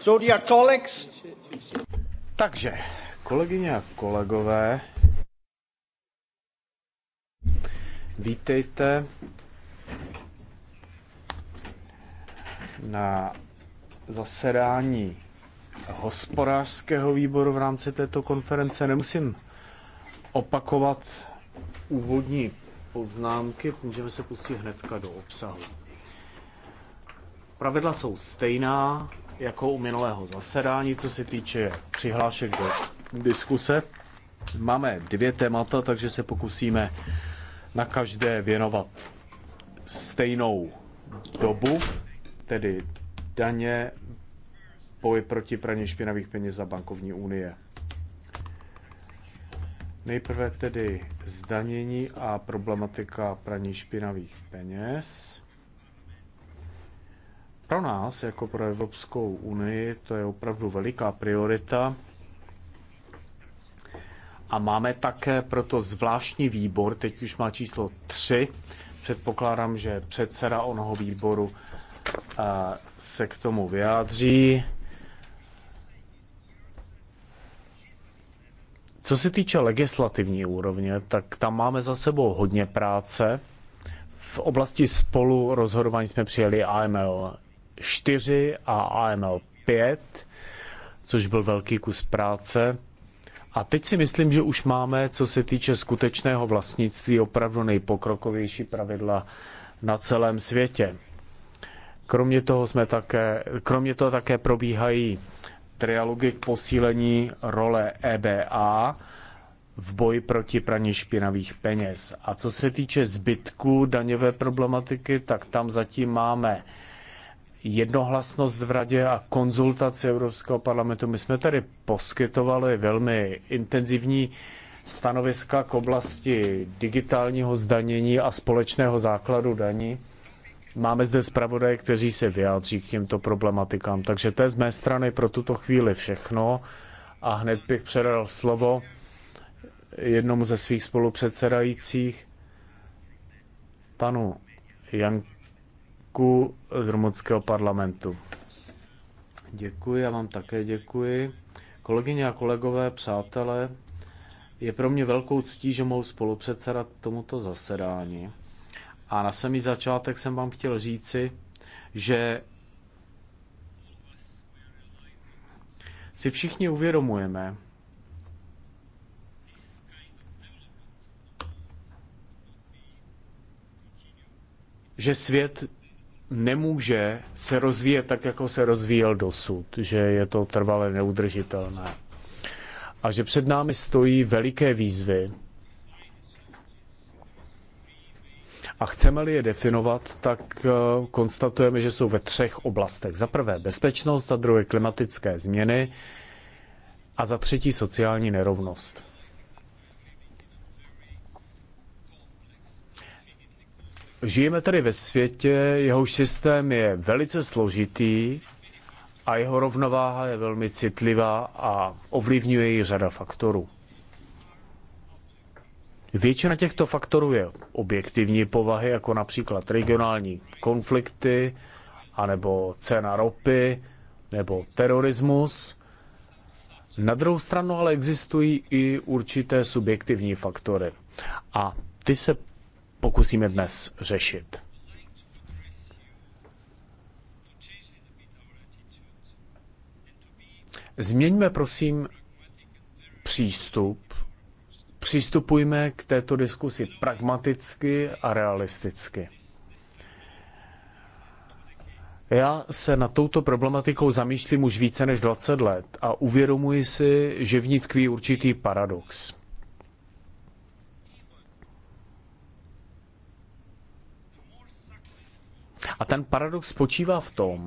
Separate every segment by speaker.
Speaker 1: So colleagues. Takže, kolegyně a kolegové, vítejte na zasedání hospodářského výboru v rámci této konference. Nemusím opakovat úvodní poznámky, můžeme se pustit hnedka do obsahu. Pravidla jsou stejná, jako u minulého zasedání, co se týče přihlášek do diskuse. Máme dvě témata, takže se pokusíme na každé věnovat stejnou dobu, tedy daně, boj proti praní špinavých peněz a bankovní unie. Nejprve tedy zdanění a problematika praní špinavých peněz. Pro nás, jako pro Evropskou unii, to je opravdu veliká priorita. A máme také proto zvláštní výbor, teď už má číslo 3. Předpokládám, že předseda onoho výboru eh, se k tomu vyjádří. Co se týče legislativní úrovně, tak tam máme za sebou hodně práce. V oblasti spolu rozhodování jsme přijeli AML 4 a AML 5, což byl velký kus práce. A teď si myslím, že už máme, co se týče skutečného vlastnictví, opravdu nejpokrokovější pravidla na celém světě. Kromě toho, jsme také, kromě toho také probíhají trialogy k posílení role EBA v boji proti praní špinavých peněz. A co se týče zbytku daňové problematiky, tak tam zatím máme jednohlasnost v radě a konzultaci Evropského parlamentu. My jsme tady poskytovali velmi intenzivní stanoviska k oblasti digitálního zdanění a společného základu daní. Máme zde zpravodaje, kteří se vyjádří k těmto problematikám. Takže to je z mé strany pro tuto chvíli všechno. A hned bych předal slovo jednomu ze svých spolupředsedajících, panu Janku Kupku z rumunského parlamentu. Děkuji, já vám také děkuji. Kolegyně a kolegové, přátelé, je pro mě velkou ctí, že mohu spolupředsedat tomuto zasedání. A na samý začátek jsem vám chtěl říci, že si všichni uvědomujeme, že svět nemůže se rozvíjet tak, jako se rozvíjel dosud, že je to trvale neudržitelné. A že před námi stojí veliké výzvy. A chceme-li je definovat, tak eh, konstatujeme, že jsou ve třech oblastech. Za prvé bezpečnost, za druhé klimatické změny a za třetí sociální nerovnost. Žijeme tedy ve světě, jeho systém je velice složitý a jeho rovnováha je velmi citlivá a ovlivňuje ji řada faktorů. Většina těchto faktorů je objektivní povahy, jako například regionální konflikty, anebo cena ropy, nebo terorismus. Na druhou stranu ale existují i určité subjektivní faktory. A ty se pokusíme dnes řešit. Změňme prosím přístup, přistupujme k této diskusi pragmaticky a realisticky. Já se na touto problematikou zamýšlím už více než 20 let a uvědomuji si, že v ní tkví určitý paradox. A ten paradox spočívá v tom,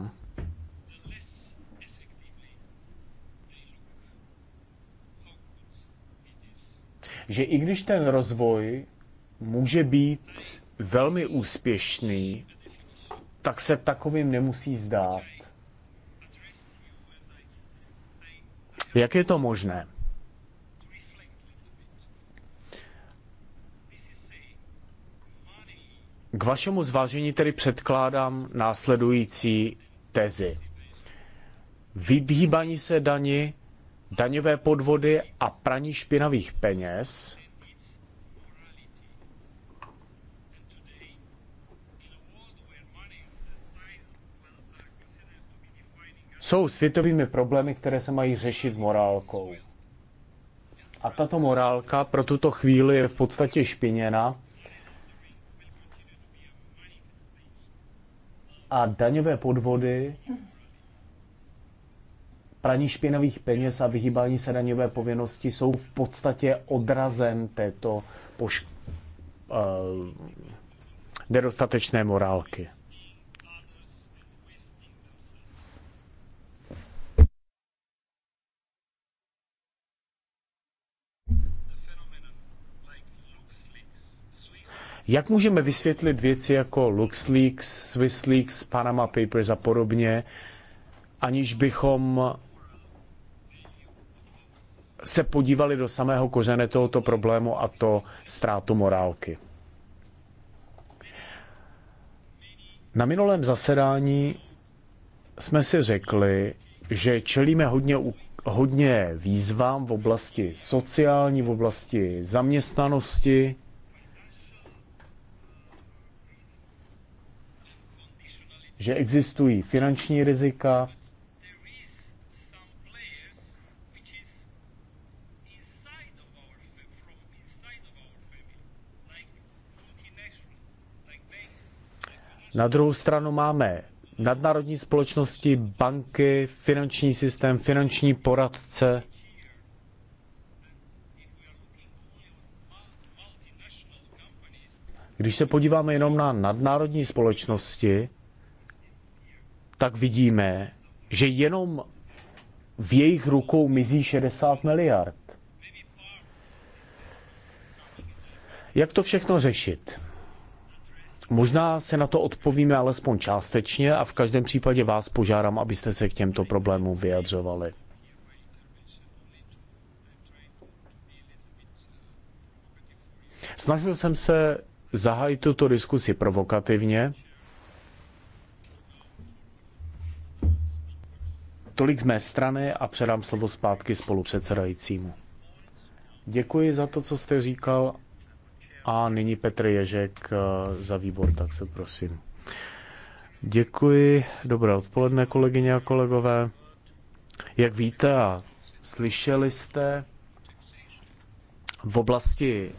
Speaker 1: že i když ten rozvoj může být velmi úspěšný, tak se takovým nemusí zdát. Jak je to možné? K vašemu zvážení tedy předkládám následující tezi. Vybíbaní se dani, daňové podvody a praní špinavých peněz jsou světovými problémy, které se mají řešit morálkou. A tato morálka pro tuto chvíli je v podstatě špiněna a daňové podvody, praní špinavých peněz a vyhýbání se daňové povinnosti jsou v podstatě odrazem této poš- uh, eh, nedostatečné morálky. Jak můžeme vysvětlit věci jako LuxLeaks, SwissLeaks, Panama Papers a podobně, aniž bychom se podívali do samého kořene tohoto problému a to ztrátu morálky. Na minulém zasedání jsme si řekli, že čelíme hodně, hodně výzvám v oblasti sociální, v oblasti zaměstnanosti, že existují finanční rizika, Na druhou stranu máme nadnárodní společnosti, banky, finanční systém, finanční poradce. Když se podíváme jenom na nadnárodní společnosti, tak vidíme, že jenom v jejich rukou mizí 60 miliard. Jak to všechno řešit? Možná se na to odpovíme alespoň částečně a v každém případě vás požádám, abyste se k těmto problémům vyjadřovali. Snažil jsem se zahájit tuto diskusi provokativně, Tolik z mé strany a předám slovo zpátky spolupředsedajícímu. Děkuji za to, co jste říkal a nyní Petr Ježek eh, za výbor, tak se prosím. Děkuji, dobré odpoledne kolegyně a kolegové. Jak víte a slyšeli jste, v oblasti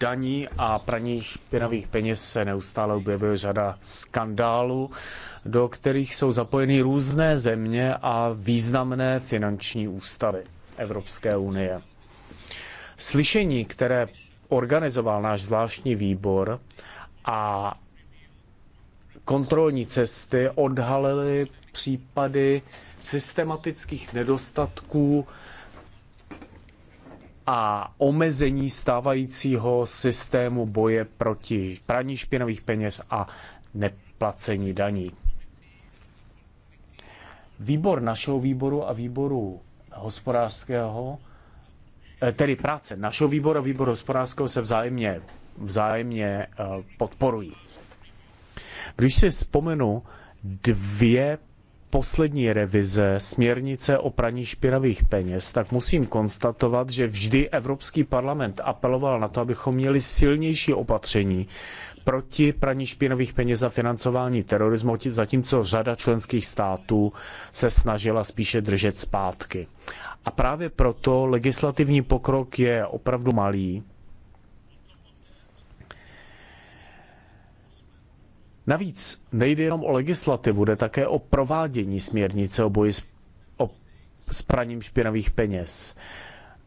Speaker 1: daní a praní špinavých peněz se neustále objevuje řada skandálů, do kterých jsou zapojeny různé země a významné finanční ústavy Evropské unie. Slyšení, které organizoval náš zvláštní výbor a kontrolní cesty odhalily případy systematických nedostatků a omezení stávajícího systému boje proti praní špinavých peněz a neplacení daní. Výbor našeho výboru a výboru hospodářského, eh, tedy práce našeho výboru a výboru hospodářského se vzájemně, vzájemně eh, podporují. Když si vzpomenu dvě poslední revize směrnice o praní špinavých peněz, tak musím konstatovat, že vždy Evropský parlament apeloval na to, abychom měli silnější opatření proti praní špinavých peněz a financování terorismu, zatímco řada členských států se snažila spíše držet zpátky. A právě proto legislativní pokrok je opravdu malý Navíc nejde jenom o legislativu, jde také o provádění směrnice o boji s, o, s praním špinavých peněz.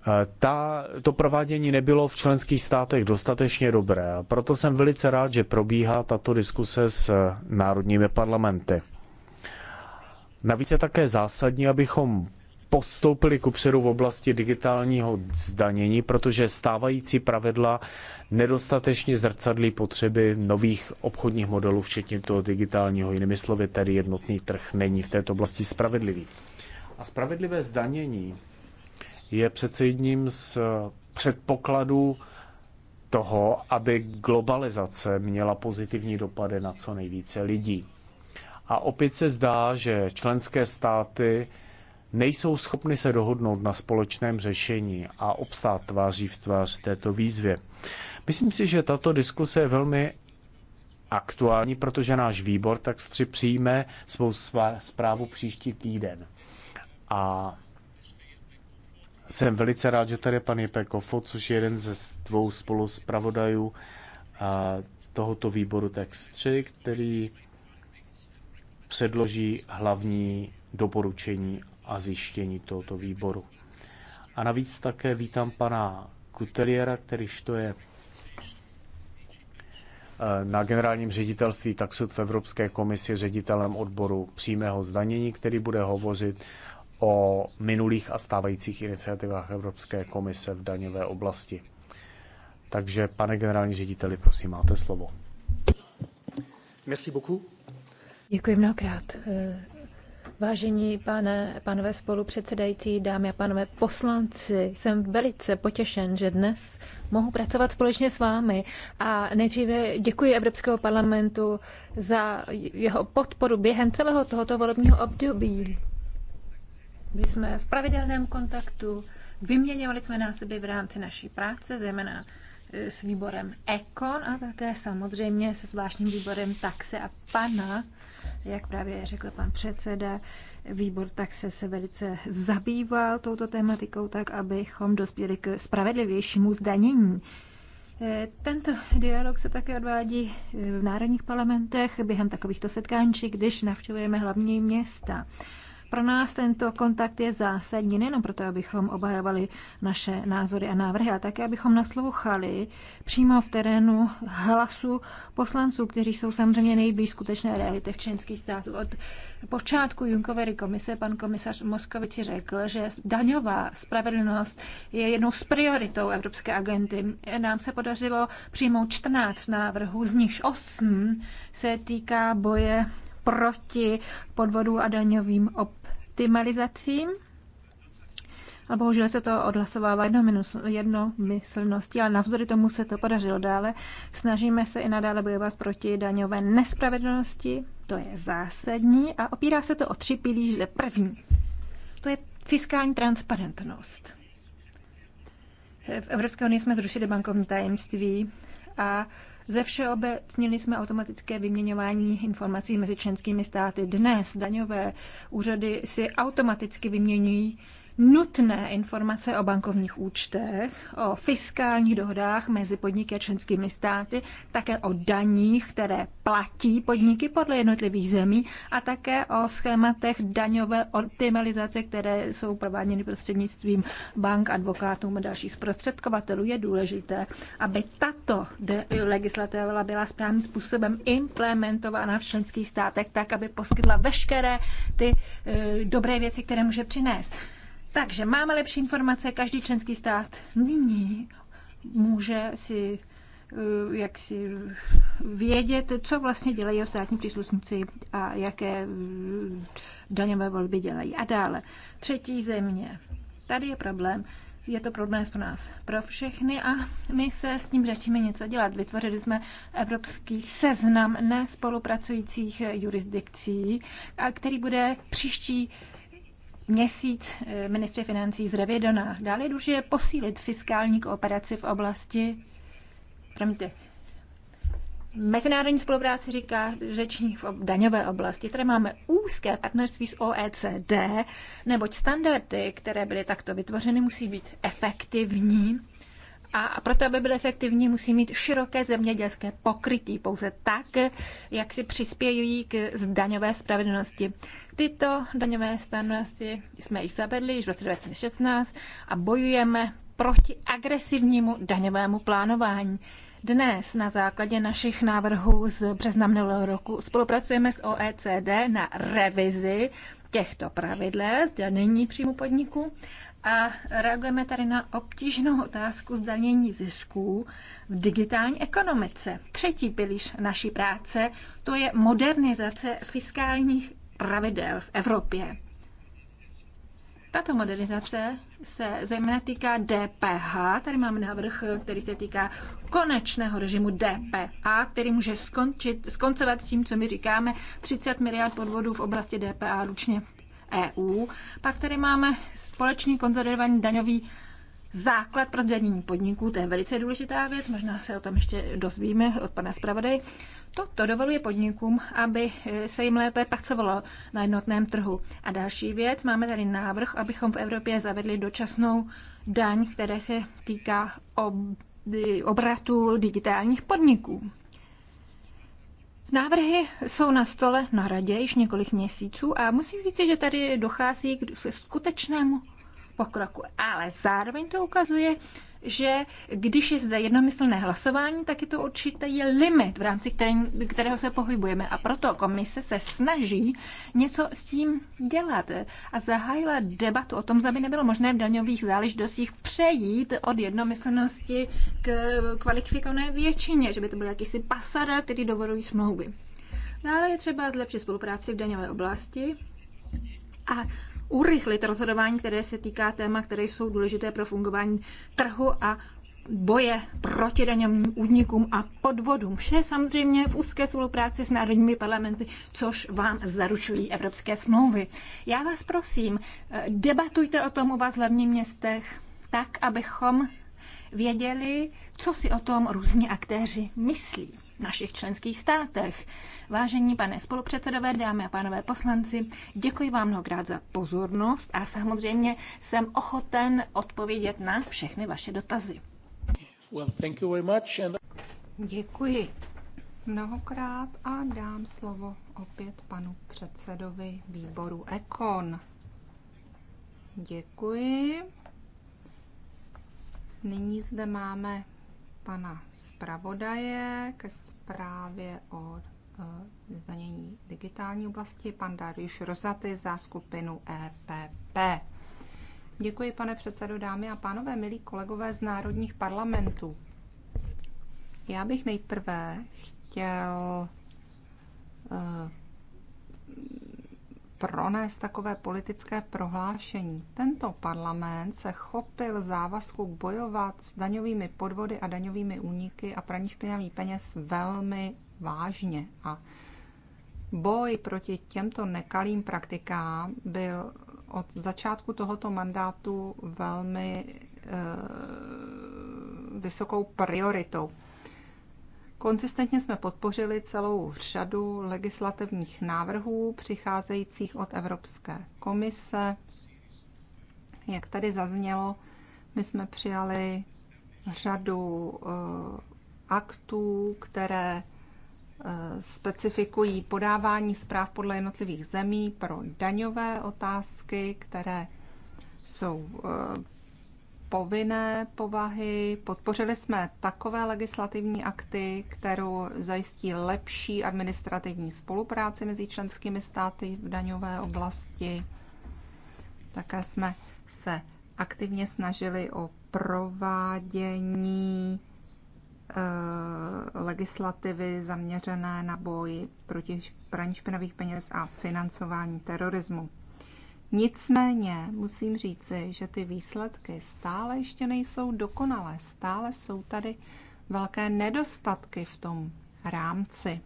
Speaker 1: E, ta, to provádění nebylo v členských státech dostatečně dobré a proto jsem velice rád, že probíhá tato diskuse s e, národními parlamenty. Navíc je také zásadní, abychom postoupili kupředu v oblasti digitálního zdanění, protože stávající pravidla nedostatečně zrcadlí potřeby nových obchodních modelů, včetně toho digitálního. Jinými slovy, tedy jednotný trh není v této oblasti spravedlivý. A spravedlivé zdanění je přece jedním z předpokladů toho, aby globalizace měla pozitivní dopady na co nejvíce lidí. A opět se zdá, že členské státy nejsou schopny se dohodnout na společném řešení a obstát tváří v tvář této výzvě. Myslím si, že tato diskuse je velmi aktuální, protože náš výbor tak stři přijme svou zprávu příští týden. A jsem velice rád, že tady je pan Jepe Kofo, což je jeden ze dvou spoluspravodajů tohoto výboru Text 3, který předloží hlavní doporučení a zjištění tohoto výboru. A navíc také vítám pana Kuteliera, kterýž to je eh, na generálním ředitelství Taxud v Evropské komisi ředitelem odboru přímého zdanění, který bude hovořit o minulých a stávajících iniciativách Evropské komise v daňové oblasti. Takže, pane generální řediteli, prosím, máte slovo. Merci beaucoup.
Speaker 2: Děkuji mnohokrát. Eh, Vážení pane, pánové spolupředsedající, dámy a pánové poslanci, jsem velice potěšen, že dnes mohu pracovat společně s vámi. A nejdříve děkuji Evropského parlamentu za jeho podporu během celého tohoto volebního období. My jsme v pravidelném kontaktu, vyměňovali jsme násoby v rámci naší práce, zejména e, s výborem Ekon a také samozřejmě se zvláštním výborem Taxe a Pana jak právě řekl pan předseda, výbor tak se, se velice zabýval touto tematikou, tak abychom dospěli k spravedlivějšímu zdanění. E, tento dialog se také odvádí e, v národních parlamentech během takovýchto setkání, když navštěvujeme hlavní města. Pro nás tento kontakt je zásadní nejenom proto, abychom obhajovali naše názory a návrhy, ale také, abychom naslouchali přímo v terénu hlasu poslanců, kteří jsou samozřejmě nejblíž skutečné reality v členských států. Od počátku Junkovery komise pan komisař Moskovici řekl, že daňová spravedlnost je jednou z prioritou Evropské agenty. Nám se podařilo přijmout 14 návrhů, z nichž 8 se týká boje proti podvodu a daňovým optimalizacím. Ale bohužel se to odhlasovává jednomyslností, ale navzdory tomu se to podařilo dále. Snažíme se i nadále bojovat proti daňové nespravedlnosti, to je zásadní a opírá se to o tři pilíře. První, to je fiskální transparentnost. V Evropské unii jsme zrušili bankovní tajemství a ze všeobecnili jsme automatické vyměňování informací mezi členskými státy. Dnes daňové úřady si automaticky vyměňují nutné informace o bankovních účtech, o fiskálních dohodách mezi podniky a členskými státy, také o daních, které platí podniky podle jednotlivých zemí a také o schématech daňové optimalizace, které jsou prováděny prostřednictvím bank, advokátů a dalších zprostředkovatelů. Je důležité, aby tato legislativa byla správným způsobem implementována v členských státech tak, aby poskytla veškeré ty eh, dobré věci, které může přinést. Takže máme lepší informace, každý členský stát nyní může si eh, jak si vědět, co vlastně dělají jeho příslušníci a jaké eh, daňové volby dělají. A dále, třetí země. Tady je problém. Je to problém pro nás, pro všechny a my se s tím řečíme něco dělat. Vytvořili jsme evropský seznam nespolupracujících jurisdikcí, který bude příští měsíc eh, ministři financí z Revidona. Dále je posílit fiskální kooperaci v oblasti promiňte, mezinárodní spolupráci říká řečník v daňové oblasti. Tady máme úzké partnerství s OECD, neboť standardy, které byly takto vytvořeny, musí být efektivní. A proto, aby byly efektivní, musí mít široké zemědělské pokrytí pouze tak, jak si přispějí k daňové spravedlnosti. Tyto daňové stanovnosti jsme již zavedli již v roce 2016 a bojujeme proti agresivnímu daňovému plánování. Dnes na základě našich návrhů z března minulého roku spolupracujeme s OECD na revizi těchto pravidel zdanění příjmu podniku a reagujeme tady na obtížnou otázku zdanění zisků v digitální ekonomice. Třetí pilíř naší práce to je modernizace fiskálních pravidel v Evropě. Tato modernizace se zejména týká DPH. Tady máme návrh, který se týká konečného režimu DPH, který může skončit, skoncovat s tím, co my říkáme, 30 miliard podvodů v oblasti DPH ručně EU. Pak tady máme společný konzervovaný daňový základ pro zdanění podniků, to je velice důležitá věc, možná se o tom ještě dozvíme od pana zpravodaj. to dovoluje podnikům, aby eh, se jim lépe pracovalo na jednotném trhu. A další věc, máme tady návrh, abychom v Evropě zavedli dočasnou daň, která se týká ob, eh, obratu digitálních podniků. Návrhy jsou na stole na radě již několik měsíců a musím říct, že tady dochází k skutečnému pokroku. Ale zároveň to ukazuje, že když je zde jednomyslné hlasování, tak je to určitý limit, v rámci kterým, kterého se pohybujeme. A proto komise se snaží něco s tím dělat a zahájila debatu o tom, zda by nebylo možné v daňových záležitostích přejít od jednomyslnosti k kvalifikované většině, že by to byl jakýsi pasada, který dovolují smlouvy. Dále je třeba zlepšit spolupráci v daňové oblasti a urychlit rozhodování, které se týká téma, které jsou důležité pro fungování trhu a boje proti daňovým únikům a podvodům. Vše samozřejmě v úzké spolupráci s národními parlamenty, což vám zaručují evropské smlouvy. Já vás prosím, debatujte o tom u vás v hlavních městech, tak, abychom věděli, co si o tom různí aktéři myslí našich členských státech. Vážení pane spolupředsedové, dámy a pánové poslanci, děkuji vám mnohokrát za pozornost a samozřejmě jsem ochoten odpovědět na všechny vaše dotazy. Well, thank you very much and... Děkuji
Speaker 3: mnohokrát a dám slovo opět panu předsedovi výboru Ekon. Děkuji. Nyní zde máme pana zpravodaje ke zprávě o e, zdanění digitální oblasti, pan Darius Rozaty za skupinu EPP. Děkuji, pane předsedo, dámy a pánové, milí kolegové z národních parlamentů. Já bych nejprve chtěl e, pronést takové politické prohlášení. Tento parlament se chopil závazku bojovat s daňovými podvody a daňovými úniky a praní špinavý peněz velmi vážně. A boj proti těmto nekalým praktikám byl od začátku tohoto mandátu velmi e, vysokou prioritou. Konzistentně jsme podpořili celou řadu legislativních návrhů přicházejících od Evropské komise. Jak tady zaznělo, my jsme přijali řadu eh, aktů, které eh, specifikují podávání zpráv podle jednotlivých zemí pro daňové otázky, které jsou eh, povinné povahy. Podpořili jsme takové legislativní akty, kterou zajistí lepší administrativní spolupráci mezi členskými státy v daňové oblasti. Také jsme se aktivně snažili o provádění eh, legislativy zaměřené na boj proti praní špinavých peněz a financování terorismu. Nicméně musím říci, že ty výsledky stále ještě nejsou dokonalé, stále jsou tady velké nedostatky v tom rámci.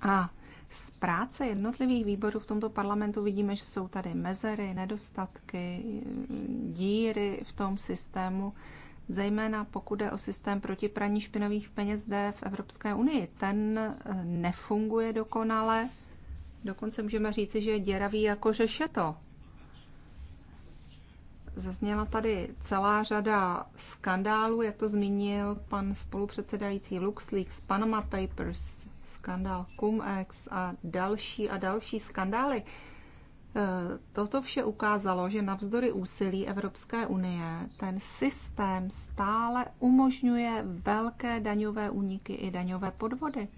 Speaker 3: A z práce jednotlivých výborů v tomto parlamentu vidíme, že jsou tady mezery, nedostatky, díry v tom systému, zejména pokud je o systém proti praní špinavých peněz zde v Evropské unii. Ten eh, nefunguje dokonale Dokonce můžeme říci, že je děravý jako řešeto. Zazněla tady celá řada skandálů, jak to zmínil pan spolupředsedající LuxLeaks, Panama Papers, skandál CumEx a další a další skandály. E, toto vše ukázalo, že navzdory úsilí Evropské unie ten systém stále umožňuje velké daňové úniky i daňové podvody.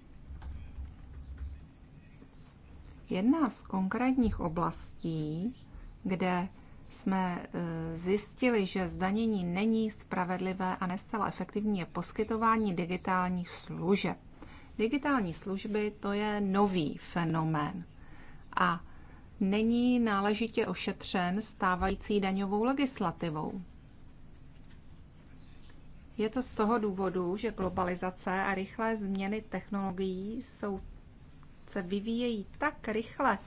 Speaker 3: Jedna z konkrétních oblastí, kde jsme e, zjistili, že zdanění není spravedlivé a nestala efektivní, je poskytování digitálních služeb. Digitální služby to je nový fenomén a není náležitě ošetřen stávající daňovou legislativou. Je to z toho důvodu, že globalizace a rychlé změny technologií jsou se vyvíjejí tak rychle,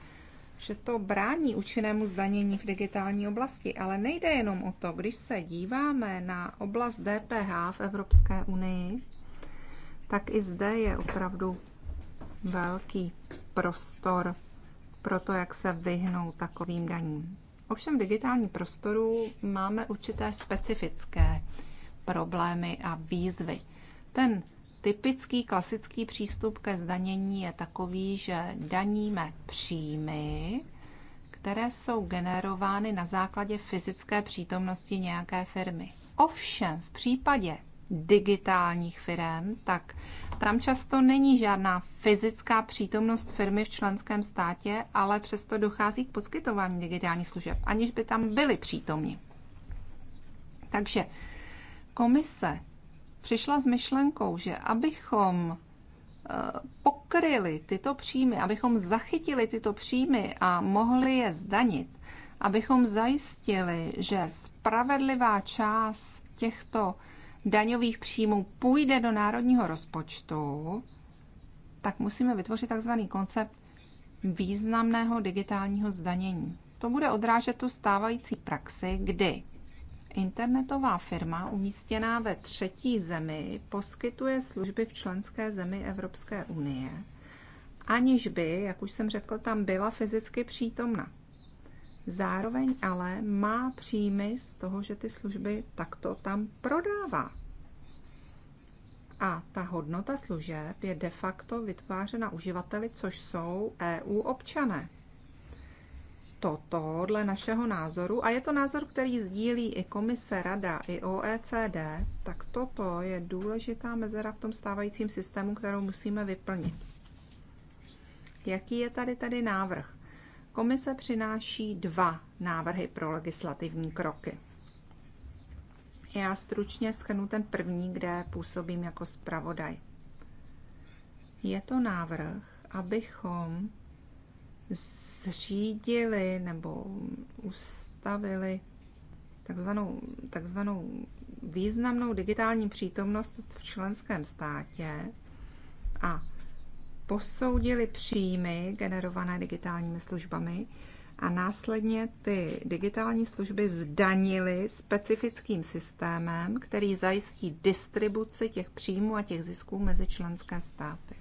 Speaker 3: že to brání účinnému zdanění v digitální oblasti. Ale nejde jenom o to, když se díváme na oblast DPH v Evropské unii, tak i zde je opravdu velký prostor pro to, jak se vyhnout takovým daním. Ovšem v digitálním prostoru máme určité specifické problémy a výzvy. Ten Typický klasický přístup ke zdanění je takový, že daníme příjmy, které jsou generovány na základě fyzické přítomnosti nějaké firmy. Ovšem, v případě digitálních firm, tak tam často není žádná fyzická přítomnost firmy v členském státě, ale přesto dochází k poskytování digitálních služeb, aniž by tam byly přítomni. Takže komise přišla s myšlenkou, že abychom eh, pokryli tyto příjmy, abychom zachytili tyto příjmy a mohli je zdanit, abychom zajistili, že spravedlivá část těchto daňových příjmů půjde do národního rozpočtu, tak musíme vytvořit takzvaný koncept významného digitálního zdanění. To bude odrážet tu stávající praxi, kdy Internetová firma umístěná ve třetí zemi poskytuje služby v členské zemi Evropské unie, aniž by, jak už jsem řekl, tam byla fyzicky přítomna. Zároveň ale má příjmy z toho, že ty služby takto tam prodává. A ta hodnota služeb je de facto vytvářena uživateli, což jsou EU občané to, dle našeho názoru, a je to názor, který sdílí i komise, rada, i OECD, tak toto je důležitá mezera v tom stávajícím systému, kterou musíme vyplnit. Jaký je tady tady návrh? Komise přináší dva návrhy pro legislativní kroky. Já stručně schrnu ten první, kde působím jako zpravodaj. Je to návrh, abychom zřídili nebo ustavili takzvanou, takzvanou významnou digitální přítomnost v členském státě a posoudili příjmy generované digitálními službami a následně ty digitální služby zdanili specifickým systémem, který zajistí distribuci těch příjmů a těch zisků mezi členské státy.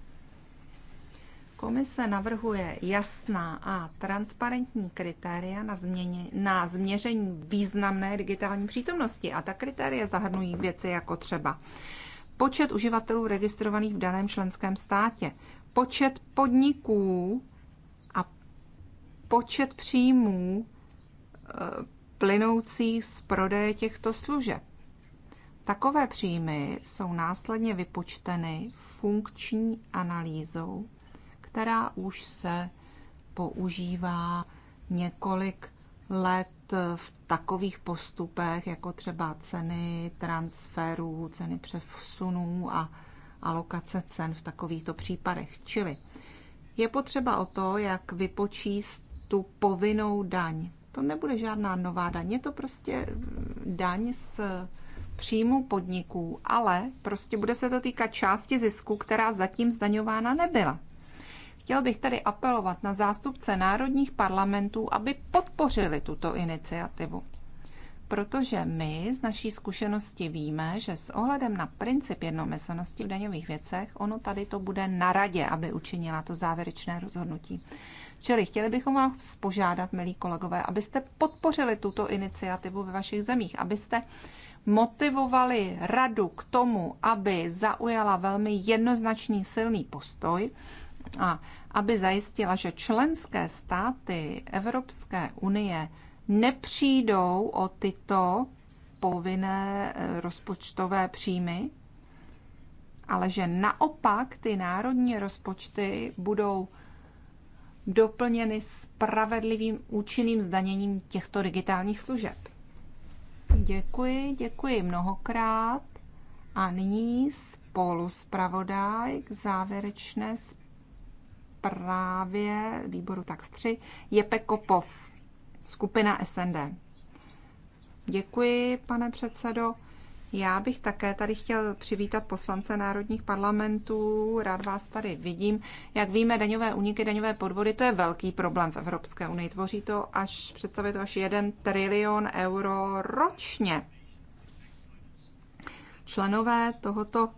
Speaker 3: Komise navrhuje jasná a transparentní kritéria na, změně, na změření významné digitální přítomnosti a ta kritéria zahrnují věci jako třeba počet uživatelů registrovaných v daném členském státě, počet podniků a počet příjmů eh, plynoucích z prodeje těchto služeb. Takové příjmy jsou následně vypočteny funkční analýzou která už se používá několik let v takových postupech, jako třeba ceny transferů, ceny přesunů a alokace cen v takovýchto případech. Čili je potřeba o to, jak vypočíst tu povinnou daň. To nebude žádná nová daň, je to prostě daň z příjmu podniků, ale prostě bude se to týkat části zisku, která zatím zdaňována nebyla. Chtěl bych tedy apelovat na zástupce národních parlamentů, aby podpořili tuto iniciativu. Protože my z naší zkušenosti víme, že s ohledem na princip jednomyslnosti v daňových věcech, ono tady to bude na radě, aby učinila to závěrečné rozhodnutí. Čili chtěli bychom vás požádat, milí kolegové, abyste podpořili tuto iniciativu ve vašich zemích, abyste motivovali radu k tomu, aby zaujala velmi jednoznačný silný postoj a aby zajistila, že členské státy Evropské unie nepřijdou o tyto povinné eh, rozpočtové příjmy, ale že naopak ty národní rozpočty budou doplněny spravedlivým účinným zdaněním těchto digitálních služeb. Děkuji, děkuji mnohokrát. A nyní spolu zpravodaj k závěrečné zprávě právě výboru tak 3 Jepe Kopov, skupina SND. Děkuji, pane předsedo. Já bych také tady chtěl přivítat poslance národních parlamentů, rád vás tady vidím. Jak víme, daňové úniky, daňové podvody, to je velký problém v Evropské unii. Tvoří to až, představuje to až 1 trilion euro ročně. Členové tohoto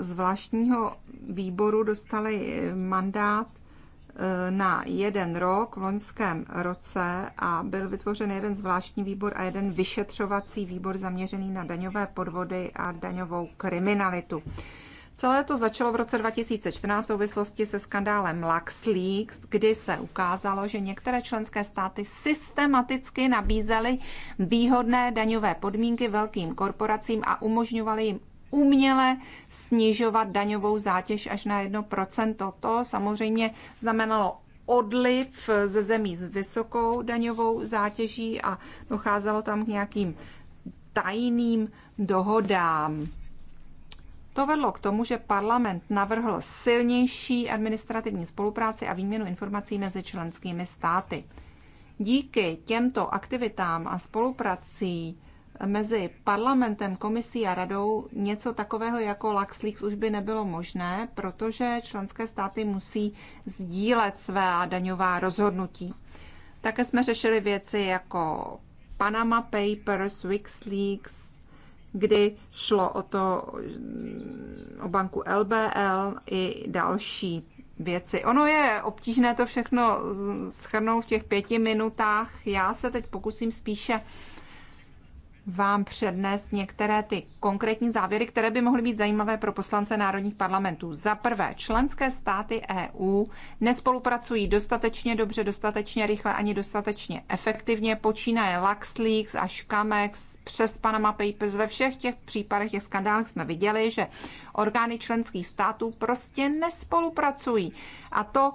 Speaker 3: zvláštního výboru dostali mandát e, na jeden rok v loňském roce a byl vytvořen jeden zvláštní výbor a jeden vyšetřovací výbor zaměřený na daňové podvody a daňovou kriminalitu. Celé to začalo v roce 2014 v souvislosti se skandálem LuxLeaks, kdy se ukázalo, že některé členské státy systematicky nabízely výhodné daňové podmínky velkým korporacím a umožňovaly jim uměle snižovat daňovou zátěž až na 1%. To samozřejmě znamenalo odliv ze zemí s vysokou daňovou zátěží a docházelo tam k nějakým tajným dohodám. To vedlo k tomu, že parlament navrhl silnější administrativní spolupráci a výměnu informací mezi členskými státy. Díky těmto aktivitám a spolupracím mezi parlamentem, komisí a radou něco takového jako LaxLeaks už by nebylo možné, protože členské státy musí sdílet své daňová rozhodnutí. Také jsme řešili věci jako Panama Papers, WikiLeaks, kdy šlo o to o banku LBL i další věci. Ono je obtížné to všechno schrnout v těch pěti minutách. Já se teď pokusím spíše vám přednést některé ty konkrétní závěry, které by mohly být zajímavé pro poslance národních parlamentů. Za prvé, členské státy EU nespolupracují dostatečně dobře, dostatečně rychle ani dostatečně efektivně. Počínaje LuxLeaks a Škamex přes Panama Papers. Ve všech těch případech, je skandálech jsme viděli, že orgány členských států prostě nespolupracují. A to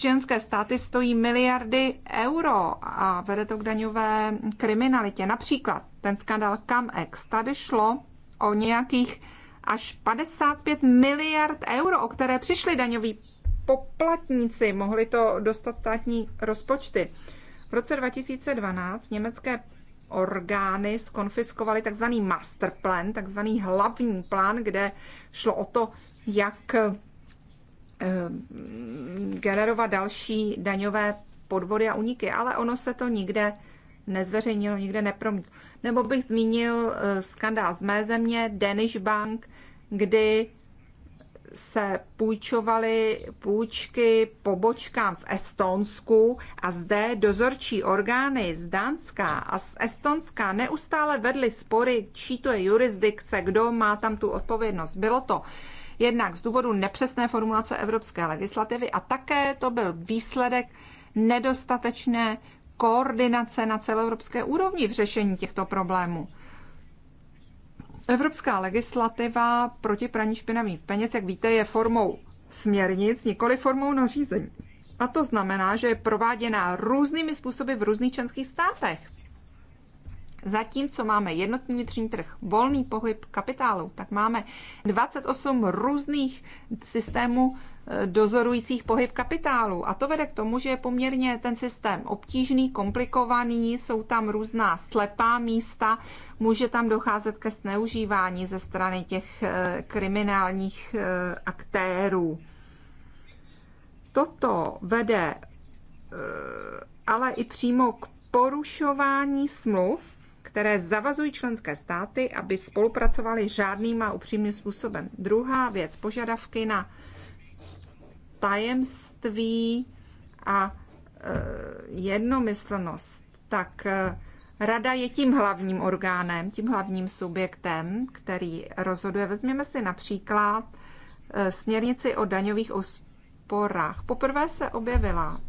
Speaker 3: členské státy stojí miliardy euro a vede to k daňové kriminalitě. Například ten skandal CamEx. Tady šlo o nějakých až 55 miliard euro, o které přišli daňoví poplatníci. Mohli to dostat státní rozpočty. V roce 2012 německé orgány skonfiskovaly takzvaný masterplan, takzvaný hlavní plán, kde šlo o to, jak Eh, generovat další daňové podvody a uniky, ale ono se to nikde nezveřejnilo, nikde nepromítlo. Nebo bych zmínil eh, skandál z mé země, Danish Bank, kdy se půjčovaly půjčky pobočkám v Estonsku a zde dozorčí orgány z Dánska a z Estonska neustále vedly spory, čí to je jurisdikce, kdo má tam tu odpovědnost. Bylo to Jednak z důvodu nepřesné formulace evropské legislativy a také to byl výsledek nedostatečné koordinace na celoevropské úrovni v řešení těchto problémů. Evropská legislativa proti praní špinavých peněz, jak víte, je formou směrnic, nikoli formou nařízení. A to znamená, že je prováděná různými způsoby v různých členských státech. Zatímco máme jednotný vnitřní trh, volný pohyb kapitálu, tak máme 28 různých systémů eh, dozorujících pohyb kapitálu. A to vede k tomu, že je poměrně ten systém obtížný, komplikovaný, jsou tam různá slepá místa, může tam docházet ke zneužívání ze strany těch eh, kriminálních eh, aktérů. Toto vede ale i přímo k porušování smluv které zavazují členské státy, aby spolupracovali žádným a upřímným způsobem. Druhá věc, požadavky na tajemství a e, jednomyslnost, tak e, rada je tím hlavním orgánem, tím hlavním subjektem, který rozhoduje. Vezměme si například e, směrnici o daňových úsporách. Poprvé se objevila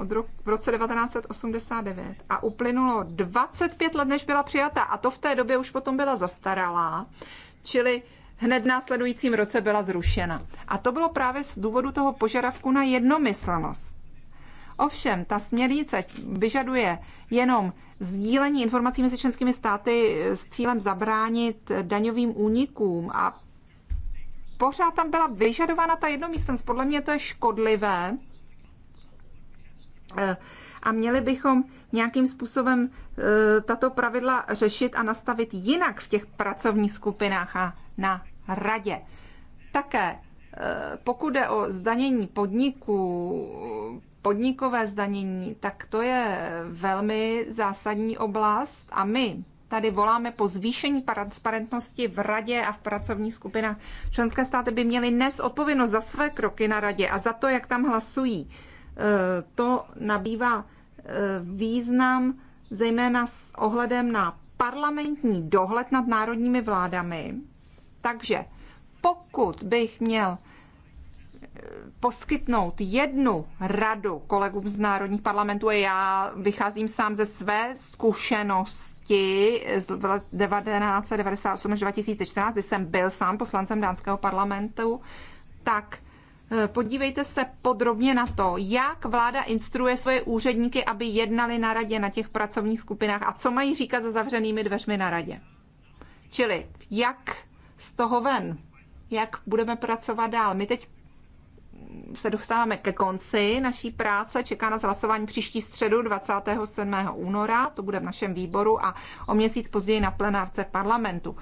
Speaker 3: od roku, v roce 1989 a uplynulo 25 let, než byla přijata a to v té době už potom byla zastaralá, čili hned následujícím roce byla zrušena. A to bylo právě z důvodu toho požadavku na jednomyslnost. Ovšem, ta směrnice vyžaduje jenom sdílení informací mezi členskými státy s cílem zabránit daňovým únikům a pořád tam byla vyžadována ta jednomyslnost. Podle mě to je škodlivé, Eh, a měli bychom nějakým způsobem eh, tato pravidla řešit a nastavit jinak v těch pracovních skupinách a na radě. Také eh, pokud jde o zdanění podniků, podnikové zdanění, tak to je velmi zásadní oblast a my tady voláme po zvýšení transparentnosti v radě a v pracovních skupinách. Členské státy by měly nes odpovědnost za své kroky na radě a za to, jak tam hlasují. Eh, to nabývá eh, význam zejména s ohledem na parlamentní dohled nad národními vládami. Takže pokud bych měl eh, poskytnout jednu radu kolegům z národních parlamentů, a já vycházím sám ze své zkušenosti z 1998 až 2014, kdy jsem byl sám poslancem dánského parlamentu, tak Eh, podívejte se podrobně na to, jak vláda instruuje svoje úředníky, aby jednali na radě na těch pracovních skupinách a co mají říkat za zavřenými dveřmi na radě. Čili jak z toho ven, jak budeme pracovat dál. My teď se dostáváme ke konci naší práce. Čeká nás hlasování příští středu 27. února, to bude v našem výboru a o měsíc později na plenárce parlamentu.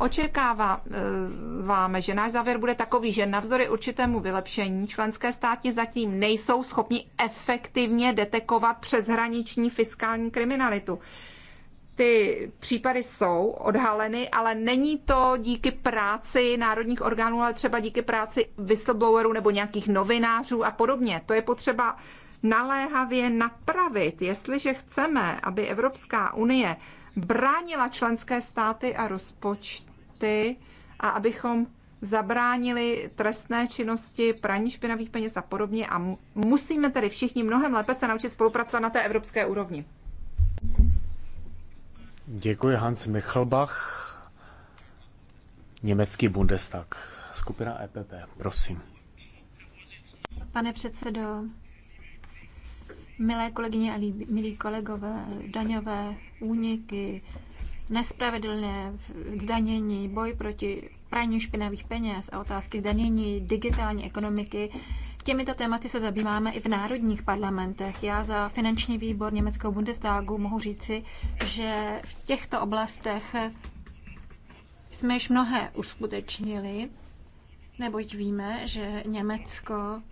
Speaker 3: Očekáváme, že náš závěr bude takový, že navzdory určitému vylepšení členské státy zatím nejsou schopni efektivně detekovat přeshraniční fiskální kriminalitu ty případy jsou odhaleny, ale není to díky práci národních orgánů, ale třeba díky práci whistleblowerů nebo nějakých novinářů a podobně. To je potřeba naléhavě napravit, jestliže chceme, aby Evropská unie bránila členské státy a rozpočty hodnoty a abychom zabránili trestné činnosti, praní špinavých peněz a podobně. A musíme tedy všichni mnohem lépe se naučit spolupracovat na té evropské úrovni.
Speaker 1: Děkuji Hans Michlbach, německý Bundestag, skupina EPP, prosím.
Speaker 2: Pane předsedo, milé kolegyně a milí kolegové, daňové úniky, nespravedlné zdanění, boj proti praní špinavých peněz a otázky zdanění digitální ekonomiky. Těmito tématy se zabýváme i v národních parlamentech. Já za finanční výbor německého Bundestagu mohu říci, že v těchto oblastech jsme již mnohé uskutečnili, neboť víme, že Německo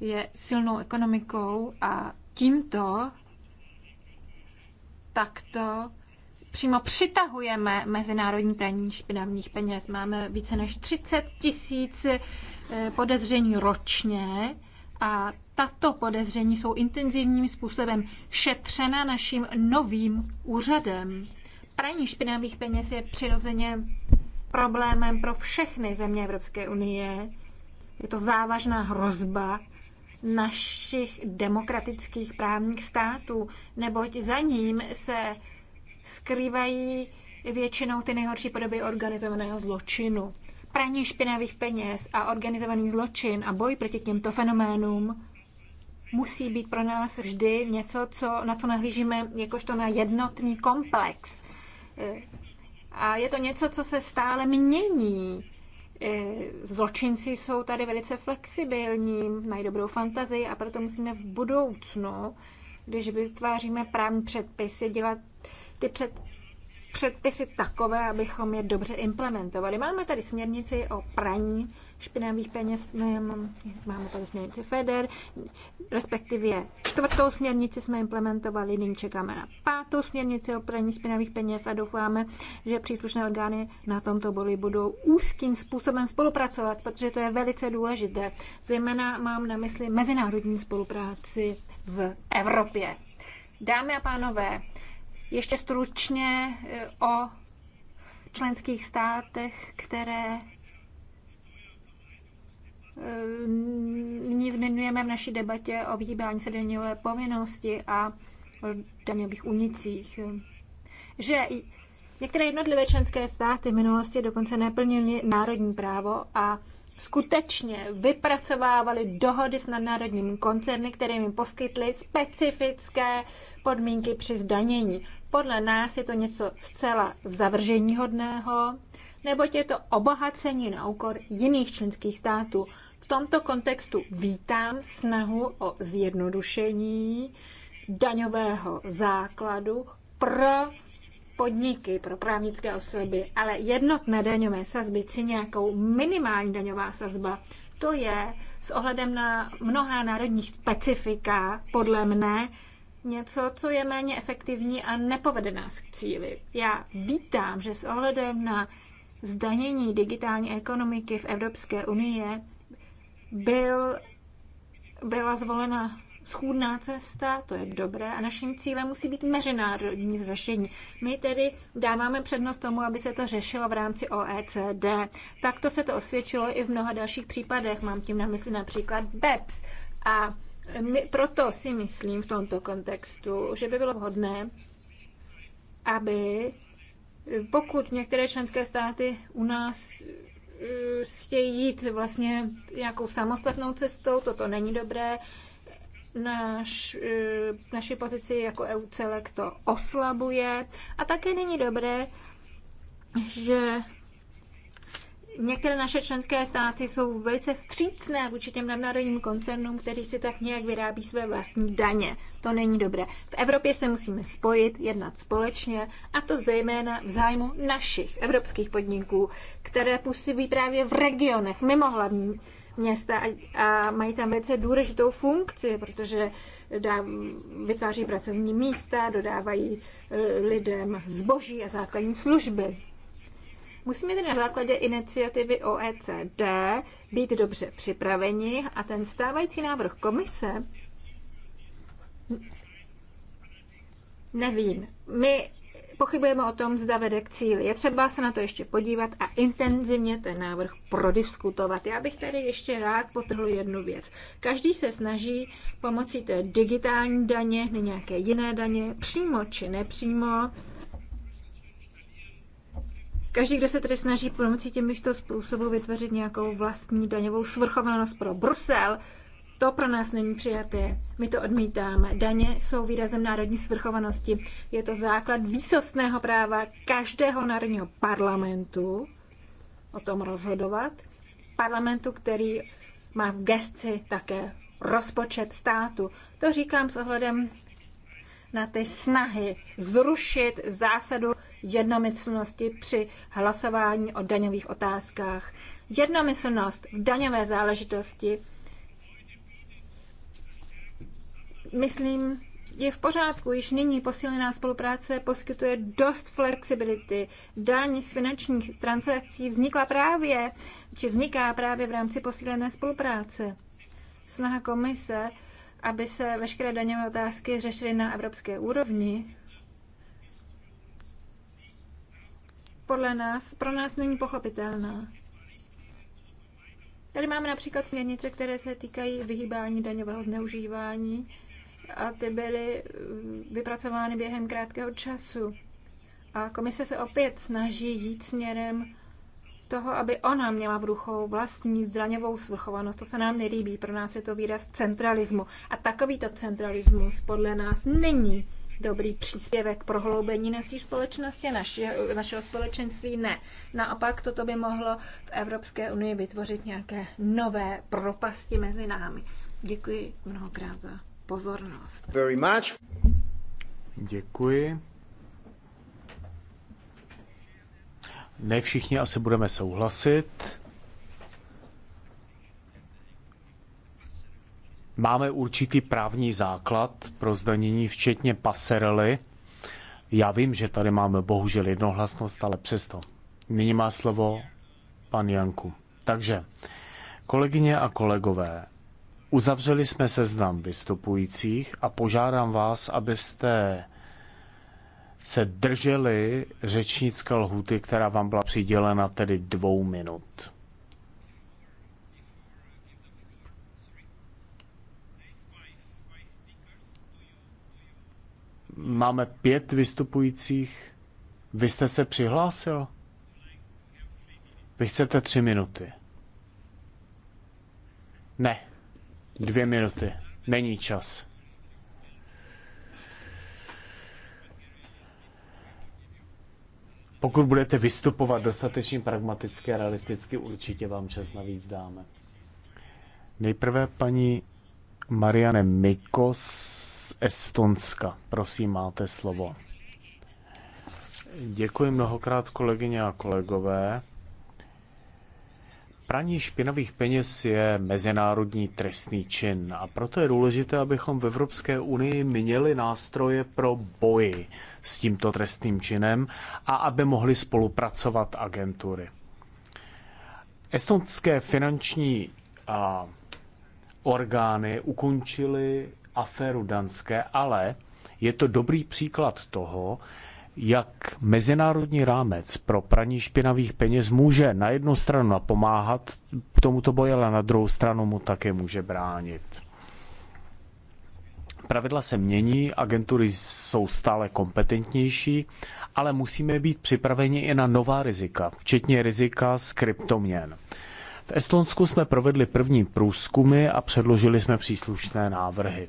Speaker 2: je silnou ekonomikou a tímto takto přímo přitahujeme mezinárodní praní špinavých peněz. Máme více než 30 tisíc eh, podezření ročně a tato podezření jsou intenzivním způsobem šetřena naším novým úřadem. Praní špinavých peněz je přirozeně problémem pro všechny země Evropské unie. Je to závažná hrozba našich demokratických právních států, neboť za ním se skrývají většinou ty nejhorší podoby organizovaného zločinu. Praní špinavých peněz a organizovaný zločin a boj proti těmto fenoménům musí být pro nás vždy něco, co, na co nahlížíme jakožto na jednotný komplex. Eh, a je to něco, co se stále mění. Eh, zločinci jsou tady velice flexibilní, mají dobrou fantazii a proto musíme v budoucnu, když vytváříme právní předpisy, dělat ty před, předpisy takové, abychom je dobře implementovali. Máme tady směrnici o praní špinavých peněz, máme tady směrnici FEDER, respektive čtvrtou směrnici jsme implementovali, nyní čekáme na pátou směrnici o praní špinavých peněz a doufáme, že příslušné orgány na tomto boli budou úzkým způsobem spolupracovat, protože to je velice důležité. Zejména mám na mysli mezinárodní spolupráci v Evropě. Dámy a pánové, ještě stručně eh, o členských státech, které eh, nyní zmiňujeme v naší debatě o vyhýbání se daňové povinnosti a o daňových unicích. Že některé jednotlivé členské státy v minulosti dokonce neplnily národní právo a skutečně vypracovávali dohody s nadnárodními koncerny, které jim poskytly specifické podmínky při zdanění. Podle nás je to něco zcela zavrženíhodného, neboť je to obohacení na úkor jiných členských států. V tomto kontextu vítám snahu o zjednodušení daňového základu pro podniky, pro právnické osoby, ale jednotné daňové sazby či nějakou minimální daňová sazba, to je s ohledem na mnohá národní specifika, podle mne, něco, co je méně efektivní a nepovede nás k cíli. Já vítám, že s ohledem na zdanění digitální ekonomiky v Evropské unii byl, byla zvolena schůdná cesta, to je dobré a naším cílem musí být mezinárodní řešení. My tedy dáváme přednost tomu, aby se to řešilo v rámci OECD. Takto se to osvědčilo i v mnoha dalších případech, mám tím na mysli například BEPS. A my, proto si myslím v tomto kontextu, že by bylo vhodné, aby pokud některé členské státy u nás eh, chtějí jít vlastně nějakou samostatnou cestou, toto není dobré, Naš, eh, naši pozici jako EU celek to oslabuje a také není dobré, že některé naše členské státy jsou velice vtřícné vůči těm nadnárodním koncernům, kteří si tak nějak vyrábí své vlastní daně. To není dobré. V Evropě se musíme spojit, jednat společně a to zejména v zájmu našich evropských podniků, které působí právě v regionech mimo hlavní města a, a mají tam velice důležitou funkci, protože dá, vytváří pracovní místa, dodávají eh, lidem zboží a základní služby. Musíme tedy na základě iniciativy OECD být dobře připraveni a ten stávající návrh komise Nevím. My Pochybujeme o tom, zda vede k cíli. Je třeba se na to ještě podívat a intenzivně ten návrh prodiskutovat. Já bych tady ještě rád potrhl jednu věc. Každý se snaží pomocí té digitální daně, ne nějaké jiné daně, přímo či nepřímo, Každý, kdo se tedy snaží pomocí těmto způsobů vytvořit nějakou vlastní daňovou svrchovanost pro Brusel, to pro nás není přijaté. My to odmítáme. Daně jsou výrazem národní svrchovanosti. Je to základ výsostného práva každého národního parlamentu o tom rozhodovat. Parlamentu, který má v gesci také rozpočet státu. To říkám s ohledem na ty snahy zrušit zásadu jednomyslnosti při hlasování o daňových otázkách. Jednomyslnost v daňové záležitosti myslím, je v pořádku. Již nyní posílená spolupráce poskytuje dost flexibility. Daň z finančních transakcí vznikla právě, či vzniká právě v rámci posílené spolupráce. Snaha komise, aby se veškeré daňové otázky řešily na evropské úrovni, podle nás, pro nás není pochopitelná. Tady máme například směrnice, které se týkají vyhýbání daňového zneužívání, a ty byly mm, vypracovány během krátkého času. A komise se opět snaží jít směrem toho, aby ona měla v ruchou vlastní zdraňovou svrchovanost. To se nám nelíbí. Pro nás je to výraz centralismu. A takovýto centralismus podle nás není dobrý příspěvek pro hloubení naší společnosti, naši, našeho společenství ne. Naopak toto by mohlo v Evropské unii vytvořit nějaké nové propasti mezi námi. Děkuji mnohokrát za pozornost.
Speaker 1: Very much. Děkuji. Ne všichni asi budeme souhlasit. Máme určitý právní základ pro zdanění, včetně paserely. Já vím, že tady máme bohužel jednohlasnost, ale přesto. Nyní má slovo pan Janku. Takže, kolegyně a kolegové, Uzavřeli jsme seznam vystupujících a požádám vás, abyste se drželi řečnické lhuty, která vám byla přidělena, tedy dvou minut. Máme pět vystupujících. Vy jste se přihlásil? Vy chcete tři minuty? Ne, Dvě minuty. Není čas. Pokud budete vystupovat dostatečně pragmaticky a realisticky, určitě vám čas navíc dáme. Nejprve paní Marianne Mikos z Estonska. Prosím, máte slovo. Děkuji mnohokrát kolegyně a kolegové. Praní špinavých peněz je mezinárodní trestný čin a proto je důležité, abychom v Evropské unii měli nástroje pro boji s tímto trestným činem a aby mohly spolupracovat agentury. Estonské finanční a, orgány ukončily aféru Danské, ale je to dobrý příklad toho, jak mezinárodní rámec pro praní špinavých peněz může na jednu stranu napomáhat tomuto boji, ale na druhou stranu mu také může bránit. Pravidla se mění, agentury jsou stále kompetentnější, ale musíme být připraveni i na nová rizika, včetně rizika z kryptoměn. V Estonsku jsme provedli první průzkumy a předložili jsme příslušné návrhy.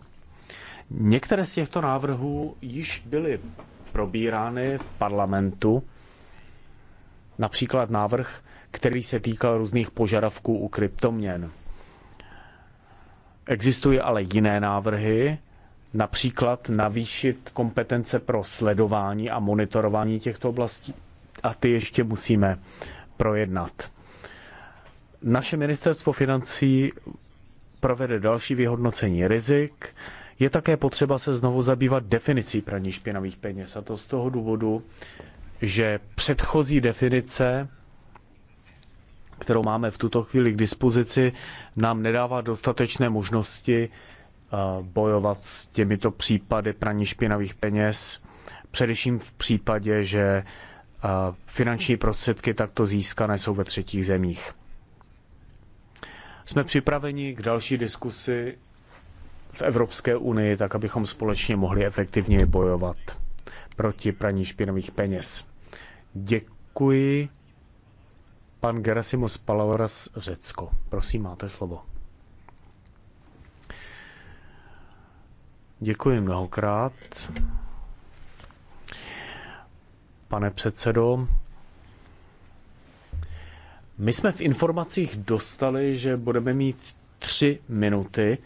Speaker 1: Některé z těchto návrhů již byly probírány v parlamentu. Například návrh, který se týkal různých požadavků u kryptoměn. Existují ale jiné návrhy, například navýšit kompetence pro sledování a monitorování těchto oblastí a ty ještě musíme projednat. Naše ministerstvo financí provede další vyhodnocení rizik, je také potřeba se znovu zabývat definicí praní špinavých peněz. A to z toho důvodu, že předchozí definice, kterou máme v tuto chvíli k dispozici, nám nedává dostatečné možnosti eh, bojovat s těmito případy praní špinavých peněz, především v případě, že eh, finanční prostředky takto získané jsou ve třetích zemích. Jsme připraveni k další diskusi v Evropské unii, tak abychom společně mohli efektivněji bojovat proti praní špinavých peněz. Děkuji. Pan Gerasimus Palavras, Řecko. Prosím, máte slovo. Děkuji mnohokrát. Pane předsedo, my jsme v informacích dostali, že budeme mít tři minuty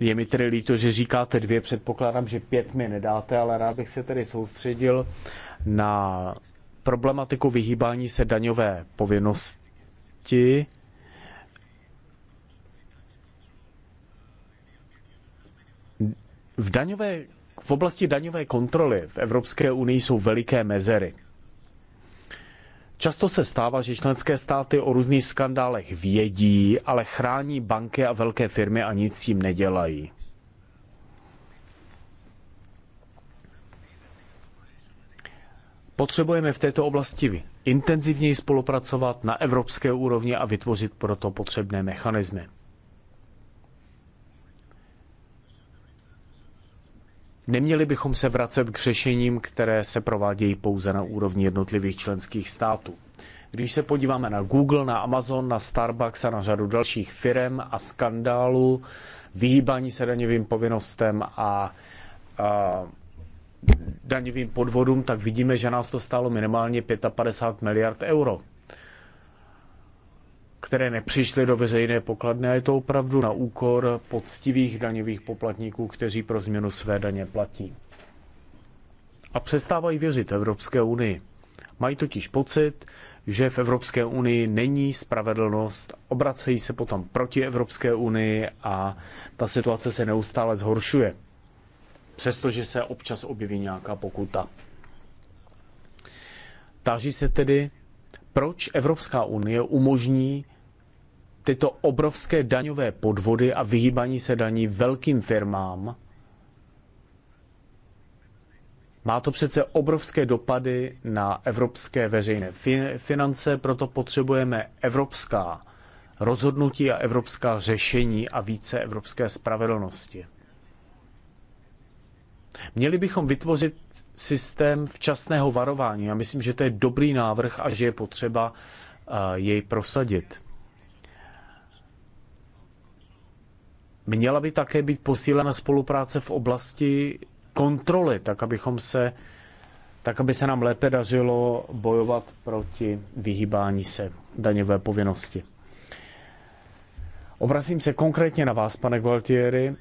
Speaker 1: Je mi tedy líto, že říkáte dvě, předpokládám, že pět mi nedáte, ale rád bych se tedy soustředil na problematiku vyhýbání se daňové povinnosti. V, daňové, v oblasti daňové kontroly v Evropské unii jsou veliké mezery. Často se stává, že členské státy o různých skandálech vědí, ale chrání banky a velké firmy a nic s jim nedělají. Potřebujeme v této oblasti intenzivněji spolupracovat na evropské úrovni a vytvořit proto potřebné mechanismy. Neměli bychom se vracet k řešením, které se provádějí pouze na úrovni jednotlivých členských států. Když se podíváme na Google, na Amazon, na Starbucks a na řadu dalších firm a skandálů, vyhýbání se daňovým povinnostem a, a daňovým podvodům, tak vidíme, že nás to stálo minimálně 55 miliard euro které nepřišly do veřejné pokladny a je to opravdu na úkor poctivých daňových poplatníků, kteří pro změnu své daně platí. A přestávají věřit Evropské unii. Mají totiž pocit, že v Evropské unii není spravedlnost, obracejí se potom proti Evropské unii a ta situace se neustále zhoršuje. Přestože se občas objeví nějaká pokuta. Táží se tedy, proč Evropská unie umožní tyto obrovské daňové podvody a vyhýbaní se daní velkým firmám. Má to přece obrovské dopady na evropské veřejné finance, proto potřebujeme evropská rozhodnutí a evropská řešení a více evropské spravedlnosti. Měli bychom vytvořit systém včasného varování. Já myslím, že to je dobrý návrh a že je potřeba eh, jej prosadit. Měla by také být posílena spolupráce v oblasti kontroly, tak abychom se tak aby se nám lépe dařilo bojovat proti vyhýbání se daňové povinnosti. Obracím se konkrétně na vás, pane Gualtieri.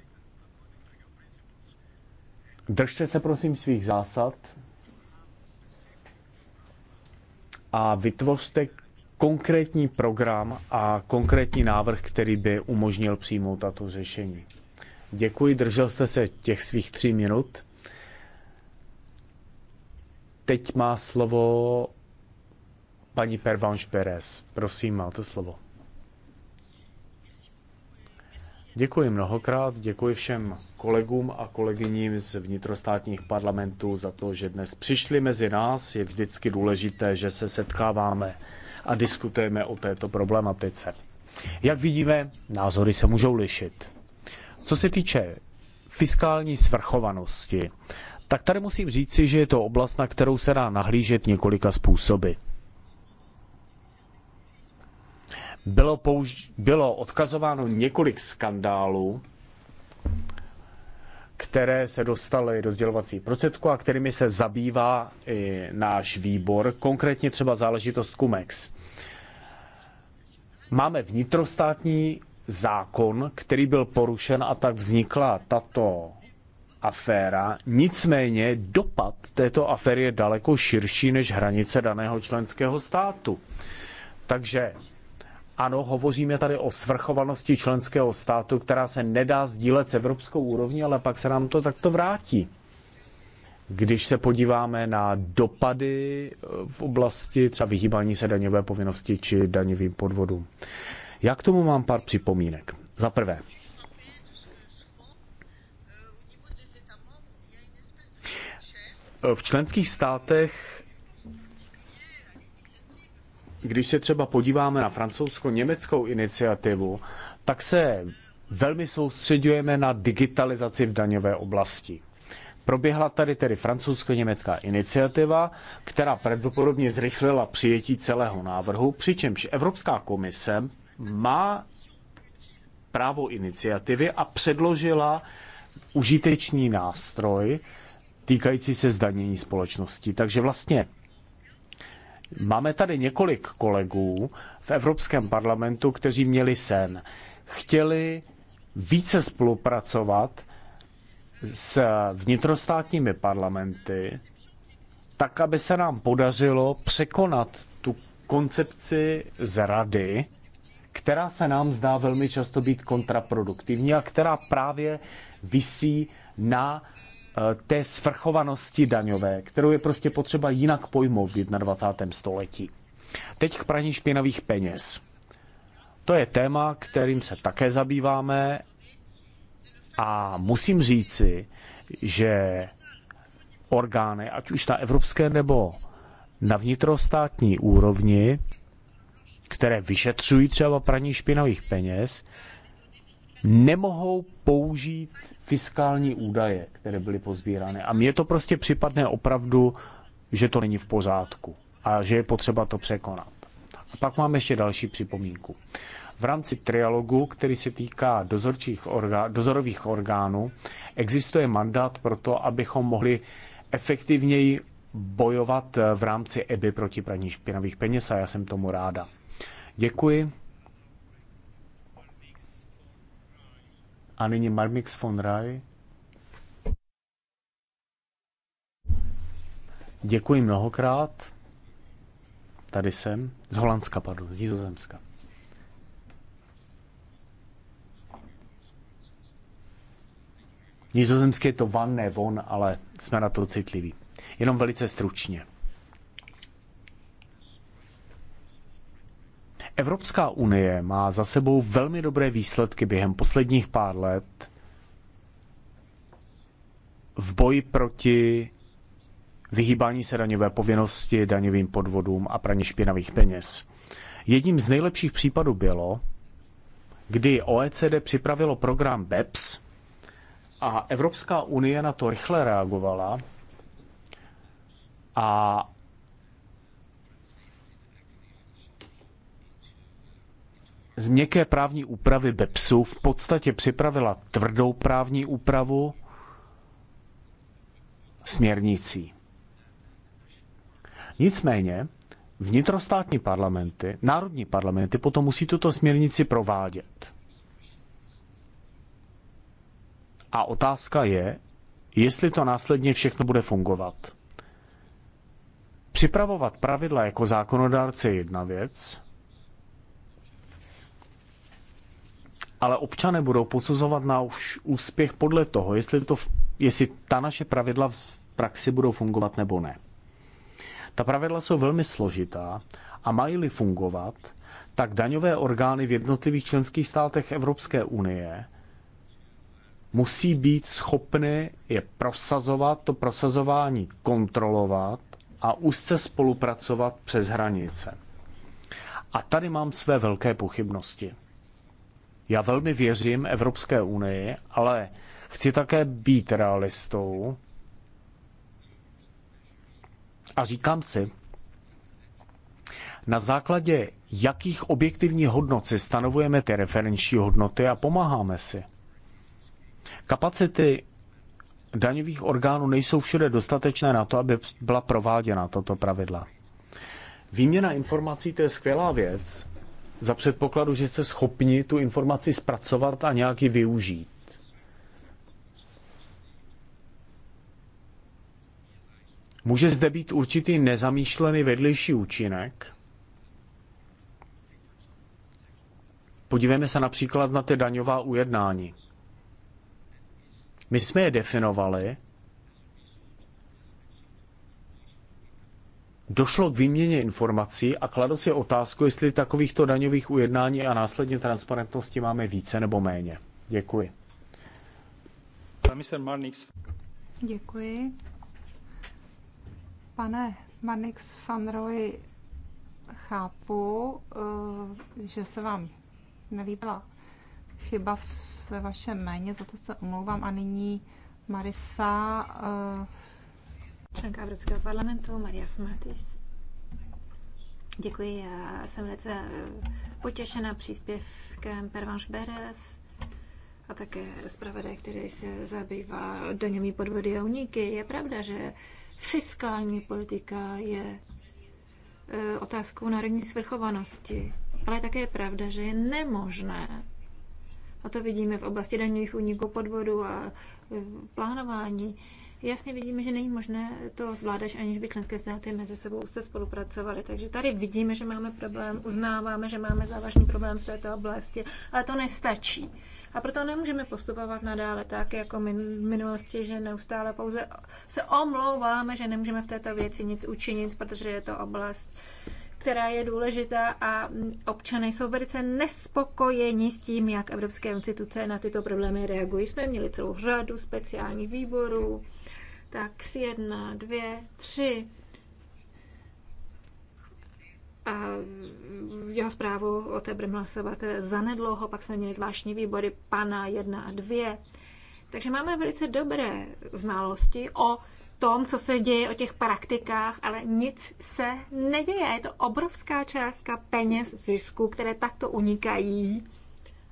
Speaker 1: Držte se prosím svých zásad a vytvořte konkrétní program a konkrétní návrh, který by umožnil přijmout tato řešení. Děkuji, držel jste se těch svých tří minut. Teď má slovo paní Pervanš Perez. Prosím, máte slovo. Děkuji mnohokrát, děkuji všem kolegům a kolegyním z vnitrostátních parlamentů za to, že dnes přišli mezi nás. Je vždycky důležité, že se setkáváme a diskutujeme o této problematice. Jak vidíme, názory se můžou lišit. Co se týče fiskální svrchovanosti, tak tady musím říci, že je to oblast, na kterou se dá nahlížet několika způsoby. bylo, použ- bylo odkazováno několik skandálů, které se dostaly do sdělovací prostředků a kterými se zabývá i náš výbor, konkrétně třeba záležitost Kumex. Máme vnitrostátní zákon, který byl porušen a tak vznikla tato aféra. Nicméně dopad této aféry je daleko širší než hranice daného členského státu. Takže ano, hovoříme tady o svrchovanosti členského státu, která se nedá sdílet s evropskou úrovní, ale pak se nám to takto vrátí. Když se podíváme na dopady eh, v oblasti třeba vyhýbání se daňové povinnosti či daňovým podvodům. Já k tomu mám pár připomínek. Za prvé, v členských státech když se třeba podíváme na francouzsko-německou iniciativu, tak se velmi soustředujeme na digitalizaci v daňové oblasti. Proběhla tady tedy francouzsko-německá iniciativa, která pravděpodobně zrychlila přijetí celého návrhu, přičemž Evropská komise má právo iniciativy a předložila užitečný nástroj týkající se zdanění společnosti. Takže vlastně Máme tady několik kolegů v Evropském parlamentu, kteří měli sen. Chtěli více spolupracovat s vnitrostátními parlamenty, tak, aby se nám podařilo překonat tu koncepci rady, která se nám zdá velmi často být kontraproduktivní a která právě visí na Eh, té svrchovanosti daňové, kterou je prostě potřeba jinak pojmout v 21. století. Teď k praní špinavých peněz. To je téma, kterým se také zabýváme a musím říci, že orgány, ať už na evropské nebo na vnitrostátní úrovni, které vyšetřují třeba praní špinavých peněz, nemohou použít fiskální údaje, které byly pozbírány. A mně to prostě připadne opravdu, že to není v pořádku a že je potřeba to překonat. A pak mám ještě další připomínku. V rámci trialogu, který se týká dozorčích orgá, dozorových orgánů, existuje mandát pro to, abychom mohli efektivněji bojovat v rámci EBY proti praní špinavých peněz a já jsem tomu ráda. Děkuji. A nyní Marmix von Rai. Děkuji mnohokrát. Tady jsem. Z Holandska, pardon, z Nizozemska. Nizozemské je to van, ne von, ale jsme na to citliví. Jenom velice stručně. Evropská unie má za sebou velmi dobré výsledky během posledních pár let v boji proti vyhýbání se daňové povinnosti, daňovým podvodům a praní špinavých peněz. Jedním z nejlepších případů bylo, kdy OECD připravilo program BEPS a Evropská unie na to rychle reagovala a z měkké právní úpravy BEPSu v podstatě připravila tvrdou právní úpravu směrnicí. Nicméně vnitrostátní parlamenty, národní parlamenty potom musí tuto směrnici provádět. A otázka je, jestli to následně všechno bude fungovat. Připravovat pravidla jako zákonodárce je jedna věc, ale občané budou posuzovat už úspěch podle toho, jestli, to, jestli ta naše pravidla v praxi budou fungovat nebo ne. Ta pravidla jsou velmi složitá a mají-li fungovat, tak daňové orgány v jednotlivých členských státech Evropské unie musí být schopny je prosazovat, to prosazování kontrolovat a úzce spolupracovat přes hranice. A tady mám své velké pochybnosti. Já velmi věřím Evropské unii, ale chci také být realistou a říkám si, na základě jakých objektivních hodnot si stanovujeme ty referenční hodnoty a pomáháme si. Kapacity daňových orgánů nejsou všude dostatečné na to, aby byla prováděna tato pravidla. Výměna informací to je skvělá věc, za předpokladu, že jste schopni tu informaci zpracovat a nějaký využít. Může zde být určitý nezamýšlený vedlejší účinek. Podívejme se například na ty daňová ujednání. My jsme je definovali došlo k výměně informací a kladu si otázku, jestli takovýchto daňových ujednání a následně transparentnosti máme více nebo méně. Děkuji.
Speaker 3: Děkuji. Pane Marnix van Roy, chápu, eh, že se vám nelíbila chyba ve vašem méně. za to se omlouvám. A nyní
Speaker 2: Marisa eh, členka Evropského parlamentu Maria Smatis. Děkuji, já jsem velice eh, potěšena příspěvkem Pervanš Beres a také zpravodaj, který se zabývá daněmi podvody a uniky. Je pravda, že fiskální politika je eh, otázkou národní svrchovanosti, ale také je pravda, že je nemožné a to vidíme v oblasti daňových úniků podvodů a eh, plánování jasně vidíme, že není možné to zvládat, aniž by členské státy mezi sebou se spolupracovaly. Takže tady vidíme, že máme problém, uznáváme, že máme závažný problém v této oblasti, ale to nestačí. A proto nemůžeme postupovat nadále tak, jako v minulosti, že neustále pouze se omlouváme, že nemůžeme v této věci nic učinit, protože je to oblast, která je důležitá a občané jsou velice nespokojeni s tím, jak evropské instituce na tyto problémy reagují. Jsme měli celou řadu speciálních výborů, tak si jedna, dvě, tři a jeho zprávu o té budeme hlasovat zanedlouho, pak jsme měli zvláštní výbory pana jedna a dvě. Takže máme velice dobré znalosti o tom, co se děje, o těch praktikách, ale nic se neděje. Je to obrovská částka peněz, zisku, které takto unikají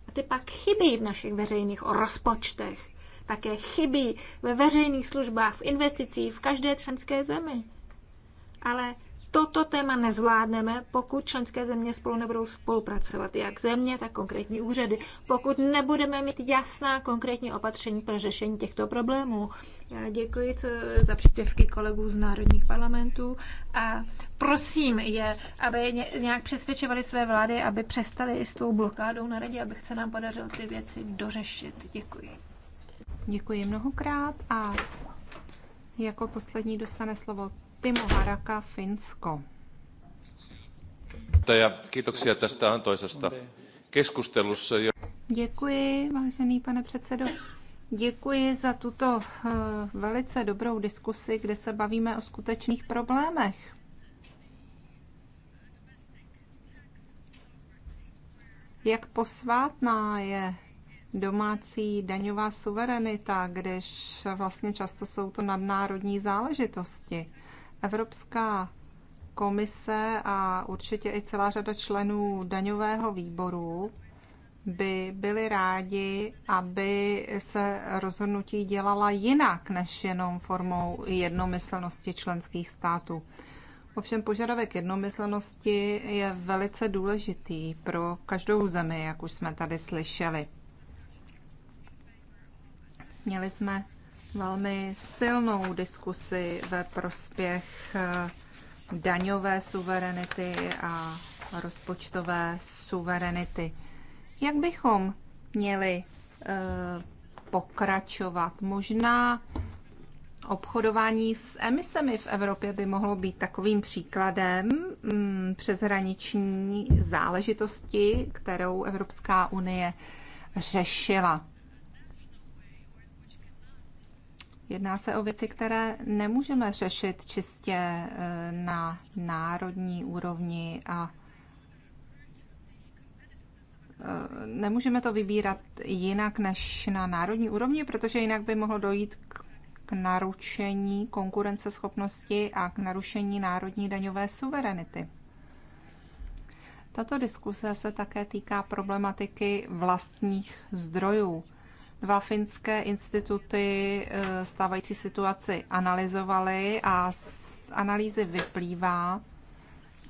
Speaker 2: a ty pak chybí v našich veřejných rozpočtech také chybí ve veřejných službách, v investicích, v každé členské zemi. Ale toto téma nezvládneme, pokud členské země spolu nebudou spolupracovat, jak země, tak konkrétní úřady, pokud nebudeme mít jasná konkrétní opatření pro řešení těchto problémů. Já děkuji za příspěvky kolegů z národních parlamentů a prosím je, aby nějak přesvědčovali své vlády, aby přestali s tou blokádou na radě, aby se nám podařilo ty věci dořešit. Děkuji. Děkuji
Speaker 3: mnohokrát a jako poslední dostane slovo Timo Haraka, Finsko.
Speaker 1: Kiitoksia tästä antoisesta keskustelussa.
Speaker 3: Děkuji, vážený pane předsedo. Děkuji za tuto eh, velice dobrou diskusi, kde se bavíme o skutečných problémech. Jak posvátná je domácí daňová suverenita, když vlastně často jsou to nadnárodní záležitosti. Evropská komise a určitě i celá řada členů daňového výboru by byli rádi, aby se rozhodnutí dělala jinak než jenom formou jednomyslnosti členských států. Ovšem požadavek jednomyslnosti je velice důležitý pro každou zemi, jak už jsme tady slyšeli. Měli jsme velmi silnou diskusi ve prospěch eh, daňové suverenity a rozpočtové suverenity. Jak bychom měli eh, pokračovat? Možná obchodování s emisemi v Evropě by mohlo být takovým příkladem mm, přeshraniční záležitosti, kterou Evropská unie řešila. Jedná se o věci, které nemůžeme řešit čistě eh, na národní úrovni a eh, nemůžeme to vybírat jinak než na národní úrovni, protože jinak by mohlo dojít k k narušení konkurenceschopnosti a k narušení národní daňové suverenity. Tato diskuse se také týká problematiky vlastních zdrojů. Dva finské instituty eh, stávající situaci analyzovaly a z analýzy vyplývá,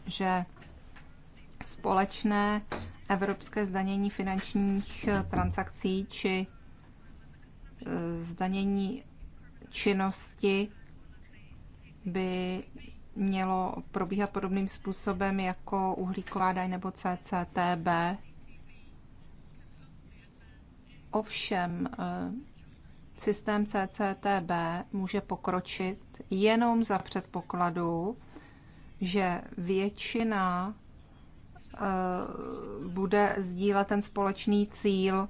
Speaker 3: že společné evropské zdanění finančních eh, transakcí či eh, zdanění činnosti by mělo probíhat podobným způsobem jako uhlíková daň nebo CCTB, Ovšem eh, systém CCTB může pokročit jenom za předpokladu, že většina eh, bude sdílet ten společný cíl,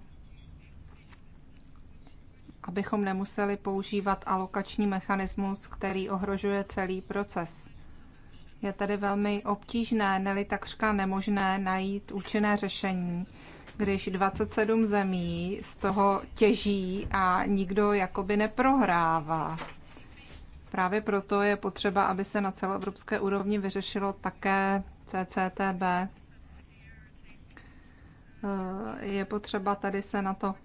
Speaker 3: abychom nemuseli používat alokační mechanismus, který ohrožuje celý proces. Je tedy velmi obtížné, neli takřka nemožné najít účinné řešení, když 27 zemí z toho těží a nikdo jakoby neprohrává. Právě proto je potřeba, aby se na celoevropské úrovni vyřešilo také CCTB. Eh, je potřeba tady se na to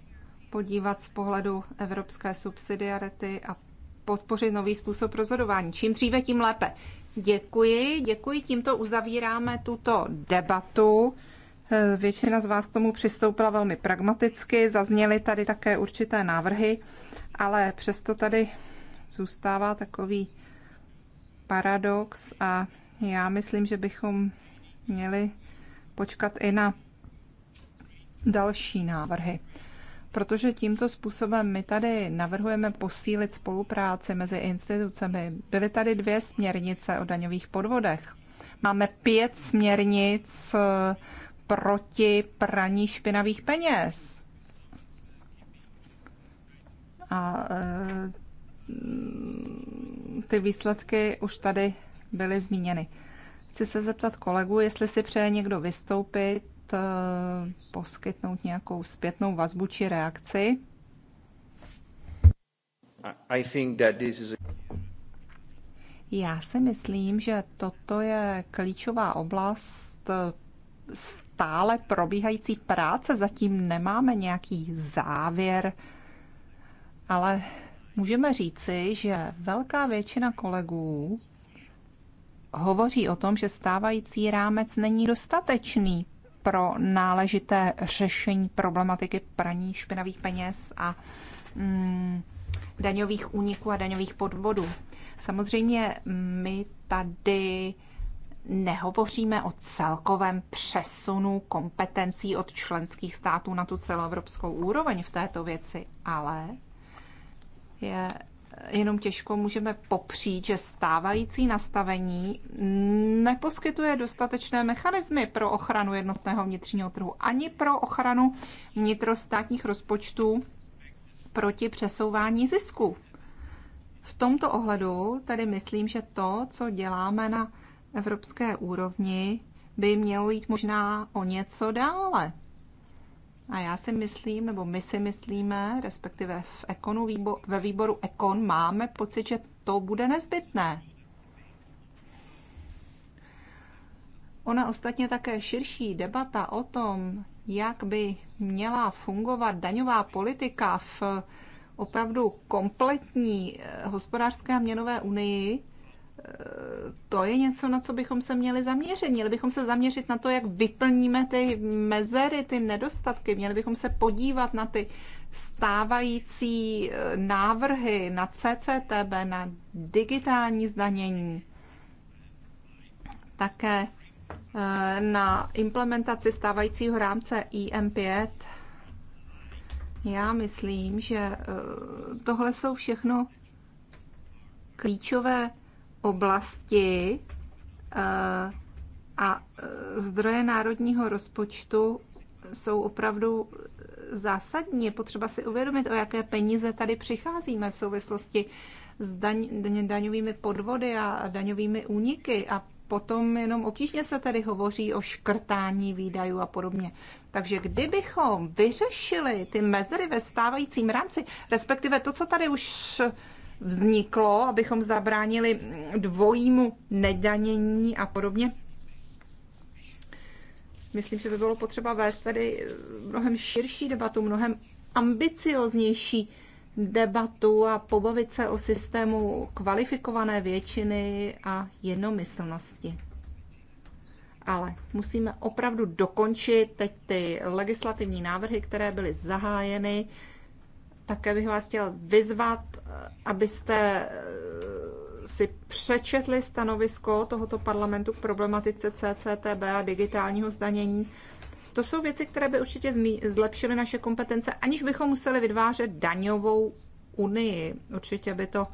Speaker 3: podívat z pohledu evropské subsidiarity a podpořit nový způsob rozhodování. Čím dříve, tím lépe. Děkuji, děkuji. Tímto uzavíráme tuto debatu. Eh, většina z vás k tomu přistoupila velmi pragmaticky, zazněly tady také určité návrhy, ale přesto tady zůstává takový paradox a já myslím, že bychom měli počkat i na další návrhy. Protože tímto způsobem my tady navrhujeme posílit spolupráci mezi institucemi. Byly tady dvě směrnice o daňových podvodech. Máme pět směrnic proti praní špinavých peněz. A eh, ty výsledky už tady byly zmíněny. Chci se zeptat kolegu, jestli si přeje někdo vystoupit, eh, poskytnout nějakou zpětnou vazbu či reakci.
Speaker 2: I think that this is
Speaker 3: Já si myslím, že toto je klíčová oblast stále probíhající práce, zatím nemáme nějaký závěr, ale můžeme říci, že velká většina kolegů hovoří o tom, že stávající rámec není dostatečný pro náležité řešení problematiky praní špinavých peněz a mm, daňových úniků a daňových podvodů. Samozřejmě mm, my tady nehovoříme o celkovém přesunu kompetencí od členských států na tu celoevropskou úroveň v této věci, ale je jenom těžko můžeme popřít, že stávající nastavení neposkytuje dostatečné mechanismy pro ochranu jednotného vnitřního trhu ani pro ochranu vnitrostátních rozpočtů proti přesouvání zisku. V tomto ohledu tedy myslím, že to, co děláme na evropské úrovni by mělo jít možná o něco dále. A já si myslím, nebo my si myslíme, respektive v ekonu ve výboru Ekon máme pocit, že to bude nezbytné. Ona ostatně také širší debata o tom, jak by měla fungovat daňová politika v opravdu kompletní eh, hospodářské a měnové unii, to je něco, na co bychom se měli zaměřit. Měli bychom se zaměřit na to, jak vyplníme ty mezery, ty nedostatky. Měli bychom se podívat na ty stávající e, návrhy na CCTB, na digitální zdanění, také e, na implementaci stávajícího rámce IM5. Já myslím, že e, tohle jsou všechno klíčové oblasti eh, a eh, zdroje národního rozpočtu jsou opravdu zásadní. Je potřeba si uvědomit, o jaké peníze tady přicházíme v souvislosti s daň, daňovými podvody a daňovými úniky a potom jenom obtížně se tady hovoří o škrtání výdajů a podobně. Takže kdybychom vyřešili ty mezery ve stávajícím rámci, respektive to, co tady už vzniklo, abychom zabránili dvojímu nedanění a podobně. Myslím, že by bylo potřeba vést tady mnohem širší debatu, mnohem ambicioznější debatu a pobavit se o systému kvalifikované většiny a jednomyslnosti. Ale musíme opravdu dokončit teď ty legislativní návrhy, které byly zahájeny. Také bych vás chtěl vyzvat, abyste eh, si přečetli stanovisko tohoto parlamentu k problematice CCTB a digitálního zdanění. To jsou věci, které by určitě zlepšily naše kompetence, aniž bychom museli vytvářet daňovou unii. Určitě by to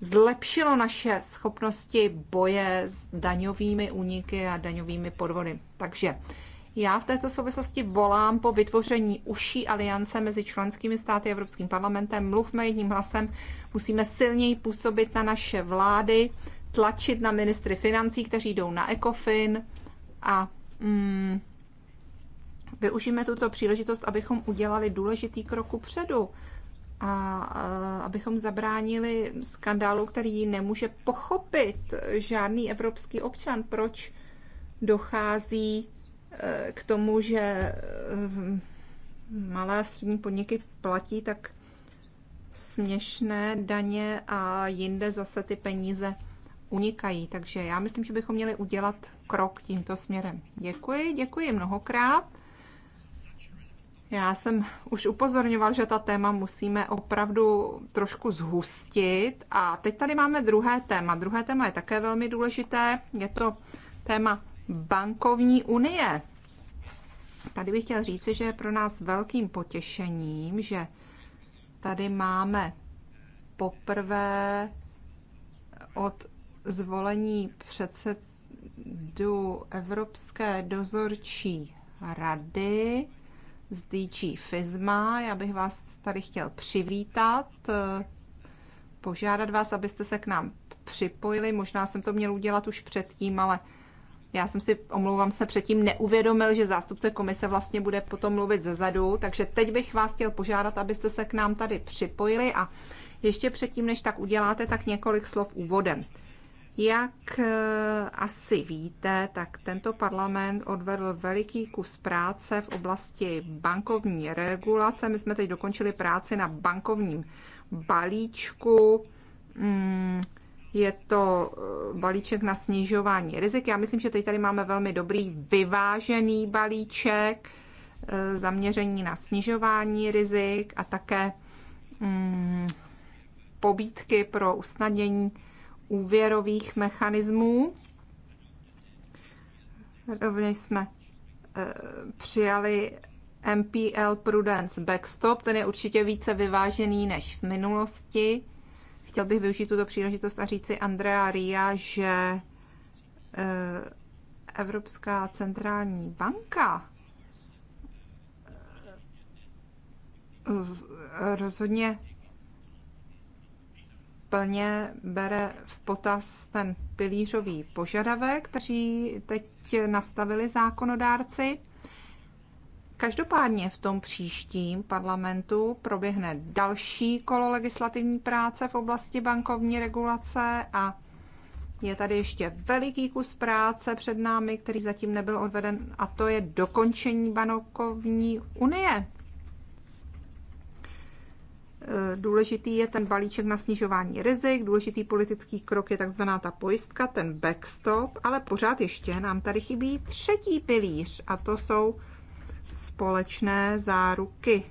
Speaker 3: zlepšilo naše schopnosti boje s daňovými úniky a daňovými podvody. Takže já v této souvislosti volám po vytvoření užší aliance mezi členskými státy a Evropským parlamentem. Mluvme jedním hlasem, musíme silněji působit na naše vlády, tlačit na ministry financí, kteří jdou na ECOFIN a mm, využijeme tuto příležitost, abychom udělali důležitý krok předu a abychom zabránili skandálu, který nemůže pochopit žádný evropský občan, proč dochází k tomu, že eh, malé a střední podniky platí tak směšné daně a jinde zase ty peníze unikají. Takže já myslím, že bychom měli udělat krok tímto směrem. Děkuji, děkuji mnohokrát. Já jsem už upozorňoval, že ta téma musíme opravdu trošku zhustit. A teď tady máme druhé téma. Druhé téma je také velmi důležité. Je to téma bankovní unie. Tady bych chtěl říci, že je pro nás velkým potěšením, že tady máme poprvé od zvolení předsedu Evropské dozorčí rady z DG FISMA. Já bych vás tady chtěl přivítat, požádat vás, abyste se k nám připojili. Možná jsem to měl udělat už předtím, ale já jsem si, omlouvám se, předtím neuvědomil, že zástupce komise vlastně bude potom mluvit zezadu, takže teď bych vás chtěl požádat, abyste se k nám tady připojili a ještě předtím, než tak uděláte, tak několik slov úvodem. Jak eh, asi víte, tak tento parlament odvedl veliký kus práce v oblasti bankovní regulace. My jsme teď dokončili práci na bankovním balíčku. Hmm je to eh, balíček na snižování rizik. Já myslím, že teď tady máme velmi dobrý vyvážený balíček, eh, zaměření na snižování rizik a také mm, pobídky pro usnadnění úvěrových mechanismů. Rovněž jsme eh, přijali MPL Prudence Backstop, ten je určitě více vyvážený než v minulosti. Chtěl bych využít tuto příležitost a říci Andrea Ria, že eh, Evropská centrální banka eh, rozhodně plně bere v potaz ten pilířový požadavek, který teď nastavili zákonodárci. Každopádně v tom příštím parlamentu proběhne další kolo legislativní práce v oblasti bankovní regulace a je tady ještě veliký kus práce před námi, který zatím nebyl odveden, a to je dokončení bankovní unie. Důležitý je ten balíček na snižování rizik, důležitý politický krok je takzvaná ta pojistka, ten backstop, ale pořád ještě nám tady chybí třetí pilíř a to jsou společné záruky.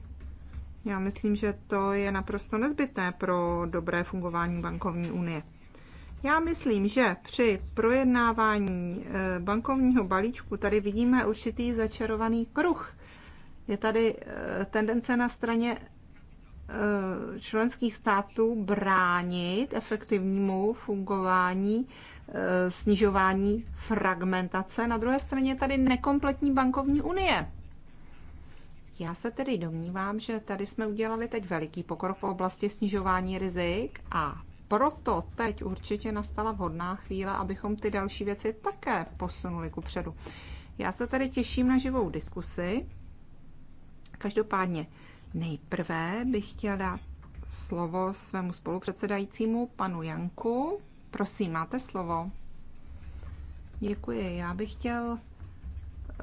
Speaker 3: Já myslím, že to je naprosto nezbytné pro dobré fungování bankovní unie. Já myslím, že při projednávání eh, bankovního balíčku tady vidíme určitý začarovaný kruh. Je tady eh, tendence na straně eh, členských států bránit efektivnímu fungování snižování fragmentace. Na druhé straně je tady nekompletní bankovní unie. Já se tedy domnívám, že tady jsme udělali teď veliký pokrok v oblasti snižování rizik a proto teď určitě nastala vhodná chvíle, abychom ty další věci také posunuli ku předu. Já se tady těším na živou diskusi. Každopádně nejprve bych chtěl dát slovo svému spolupředsedajícímu panu Janku. Prosím, máte slovo. Děkuji. Já bych chtěl uh,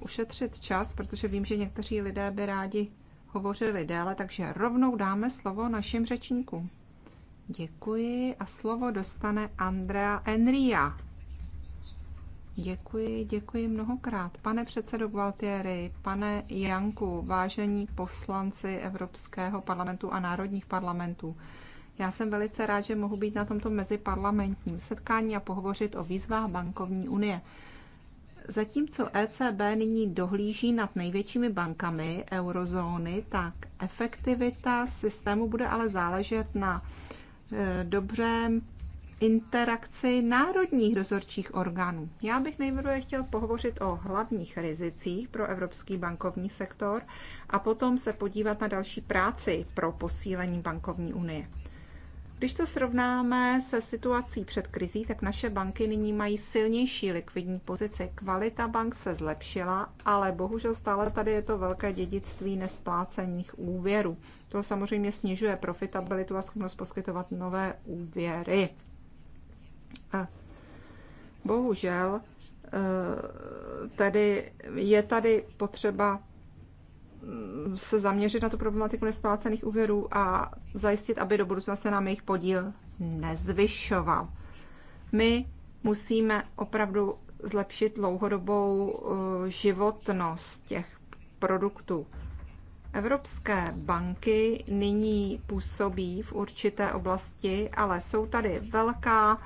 Speaker 3: ušetřit čas, protože vím, že někteří lidé by rádi hovořili déle, takže rovnou dáme slovo našim řečníkům. Děkuji a slovo dostane Andrea Enria. Děkuji, děkuji mnohokrát. Pane předsedo Gualtieri, pane Janku, vážení poslanci Evropského parlamentu a národních parlamentů, já jsem velice rád, že mohu být na tomto meziparlamentním setkání a pohovořit o výzvách bankovní unie zatímco ECB nyní dohlíží nad největšími bankami eurozóny, tak efektivita systému bude ale záležet na e, dobrém interakci národních dozorčích orgánů. Já bych nejprve chtěl pohovořit o hlavních rizicích pro evropský bankovní sektor a potom se podívat na další práci pro posílení bankovní unie. Když to srovnáme se situací před krizí, tak naše banky nyní mají silnější likvidní pozici. Kvalita bank se zlepšila, ale bohužel stále tady je to velké dědictví nesplácených úvěrů. To samozřejmě snižuje profitabilitu a schopnost poskytovat nové úvěry. Bohužel eh, tedy je tady potřeba se zaměřit na tu problematiku nesplácených úvěrů a zajistit, aby do budoucna se nám jejich podíl nezvyšoval. My musíme opravdu zlepšit dlouhodobou eh, životnost těch produktů. Evropské banky nyní působí v určité oblasti, ale jsou tady velká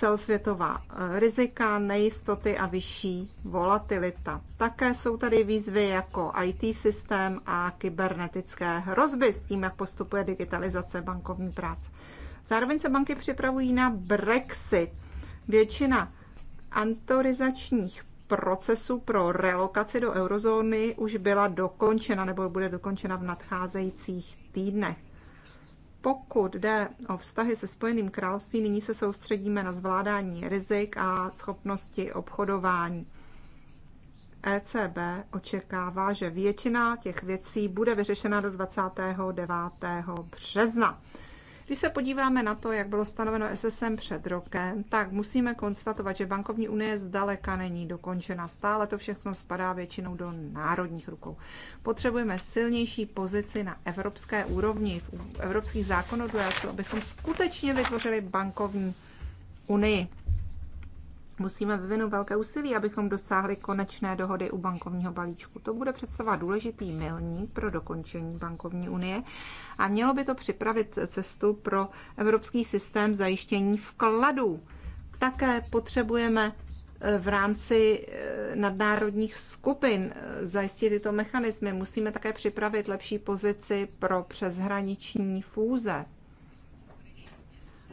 Speaker 3: celosvětová eh, rizika, nejistoty a vyšší volatilita. Také jsou tady výzvy jako IT systém a kybernetické hrozby s tím, jak postupuje digitalizace bankovní práce. Zároveň se banky připravují na Brexit. Většina antorizačních procesů pro relokaci do eurozóny už byla dokončena nebo bude dokončena v nadcházejících týdnech. Pokud jde o vztahy se Spojeným království, nyní se soustředíme na zvládání rizik a schopnosti obchodování. ECB očekává, že většina těch věcí bude vyřešena do 29. března. Když se podíváme na to, jak bylo stanoveno SSM před rokem, tak musíme konstatovat, že bankovní unie zdaleka není dokončena. Stále to všechno spadá většinou do národních rukou. Potřebujeme silnější pozici na evropské úrovni, v evropských zákonodárců, abychom skutečně vytvořili bankovní unii musíme vyvinout velké úsilí, abychom dosáhli konečné dohody u bankovního balíčku. To bude představovat důležitý milník pro dokončení bankovní unie a mělo by to připravit cestu pro evropský systém zajištění vkladů. Také potřebujeme eh, v rámci eh, nadnárodních skupin eh, zajistit tyto mechanismy. Musíme také připravit lepší pozici pro přeshraniční fúze.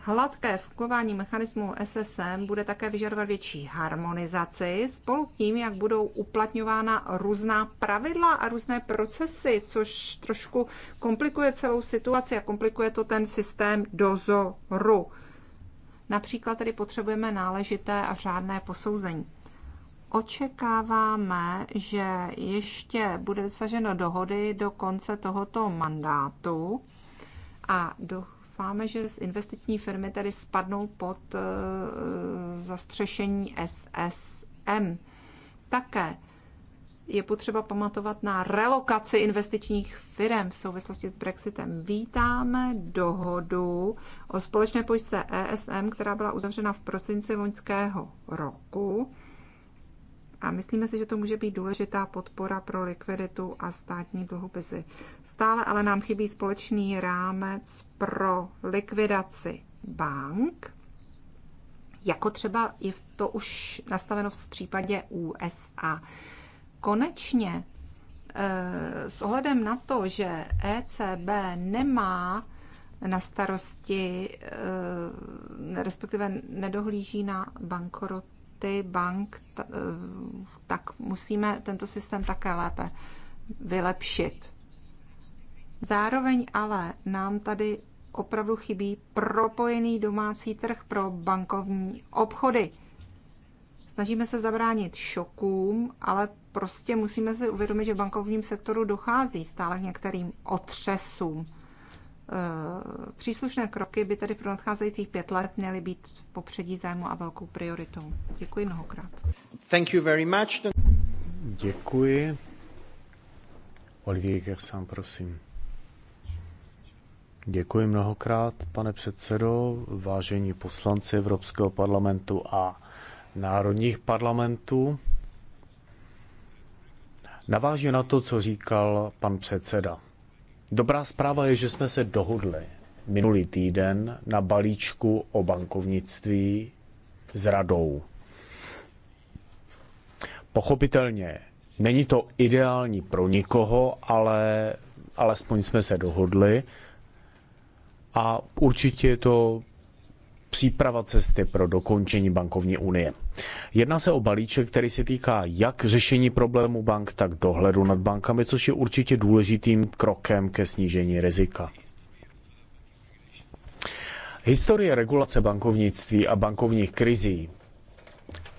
Speaker 3: Hladké fungování mechanismu SSM bude také vyžadovat větší harmonizaci spolu tím, jak budou uplatňována různá pravidla a různé procesy, což trošku komplikuje celou situaci a komplikuje to ten systém dozoru. Například tedy potřebujeme náležité a řádné posouzení. Očekáváme, že ještě bude dosaženo dohody do konce tohoto mandátu a do doufáme, že z investiční firmy tedy spadnou pod eh, zastřešení SSM. Také je potřeba pamatovat na relokaci investičních firm v souvislosti s Brexitem. Vítáme dohodu o společné pojistce ESM, která byla uzavřena v prosinci loňského roku a myslíme si, že to může být důležitá podpora pro likviditu a státní dluhopisy. Stále ale nám chybí společný rámec pro likvidaci bank, jako třeba je to už nastaveno v případě USA. Konečně eh, s ohledem na to, že ECB nemá na starosti, eh, respektive nedohlíží na bankrot ty bank, eh, tak musíme tento systém také lépe vylepšit. Zároveň ale nám tady opravdu chybí propojený domácí trh pro bankovní obchody. Snažíme se zabránit šokům, ale prostě musíme si uvědomit, že v bankovním sektoru dochází stále k některým otřesům. Příslušné kroky by tedy pro nadcházejících pět let měly být v popředí zájmu a velkou prioritou. Děkuji mnohokrát.
Speaker 1: Thank you very much. Děkuji. Olivier Gersan, prosím. Děkuji mnohokrát, pane předsedo, vážení poslanci Evropského parlamentu a národních parlamentů. Navážu na to, co říkal pan předseda. Dobrá zpráva je, že jsme se dohodli minulý týden na balíčku o bankovnictví s radou. Pochopitelně není to ideální pro nikoho, ale alespoň jsme se dohodli a určitě je to příprava cesty pro dokončení bankovní unie. Jedná se o balíček, který se týká jak řešení problému bank, tak dohledu nad bankami, což je určitě důležitým krokem ke snížení rizika. Historie regulace bankovnictví a bankovních krizí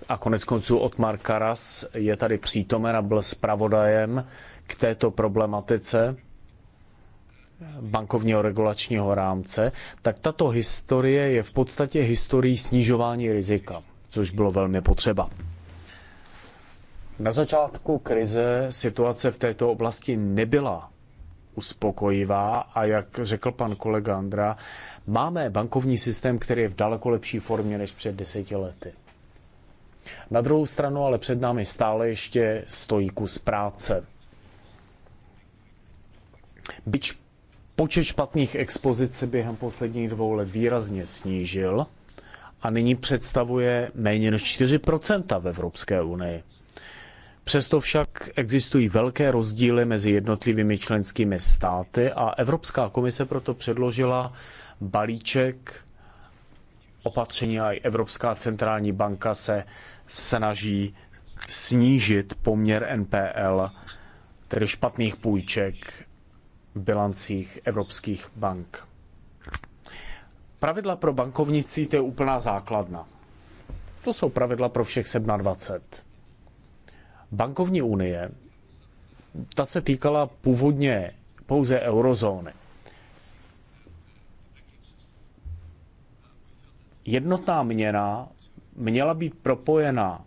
Speaker 1: a konec konců Otmar Karas je tady přítomen a byl zpravodajem k této problematice bankovního regulačního rámce, tak tato historie je v podstatě historií snižování rizika, což bylo velmi potřeba. Na začátku krize situace v této oblasti nebyla uspokojivá a jak řekl pan kolega Andra, máme bankovní systém, který je v daleko lepší formě než před deseti lety. Na druhou stranu ale před námi stále ještě stojí kus práce. Byť počet špatných expozic se během posledních dvou let výrazně snížil a nyní představuje méně než 4% v Evropské unii. Přesto však existují velké rozdíly mezi jednotlivými členskými státy a Evropská komise proto předložila balíček opatření a i Evropská centrální banka se snaží snížit poměr NPL, tedy špatných půjček bilancích evropských bank. Pravidla pro bankovnictví to je úplná základna. To jsou pravidla pro všech 27. Bankovní unie, ta se týkala původně pouze eurozóny. Jednotná měna měla být propojena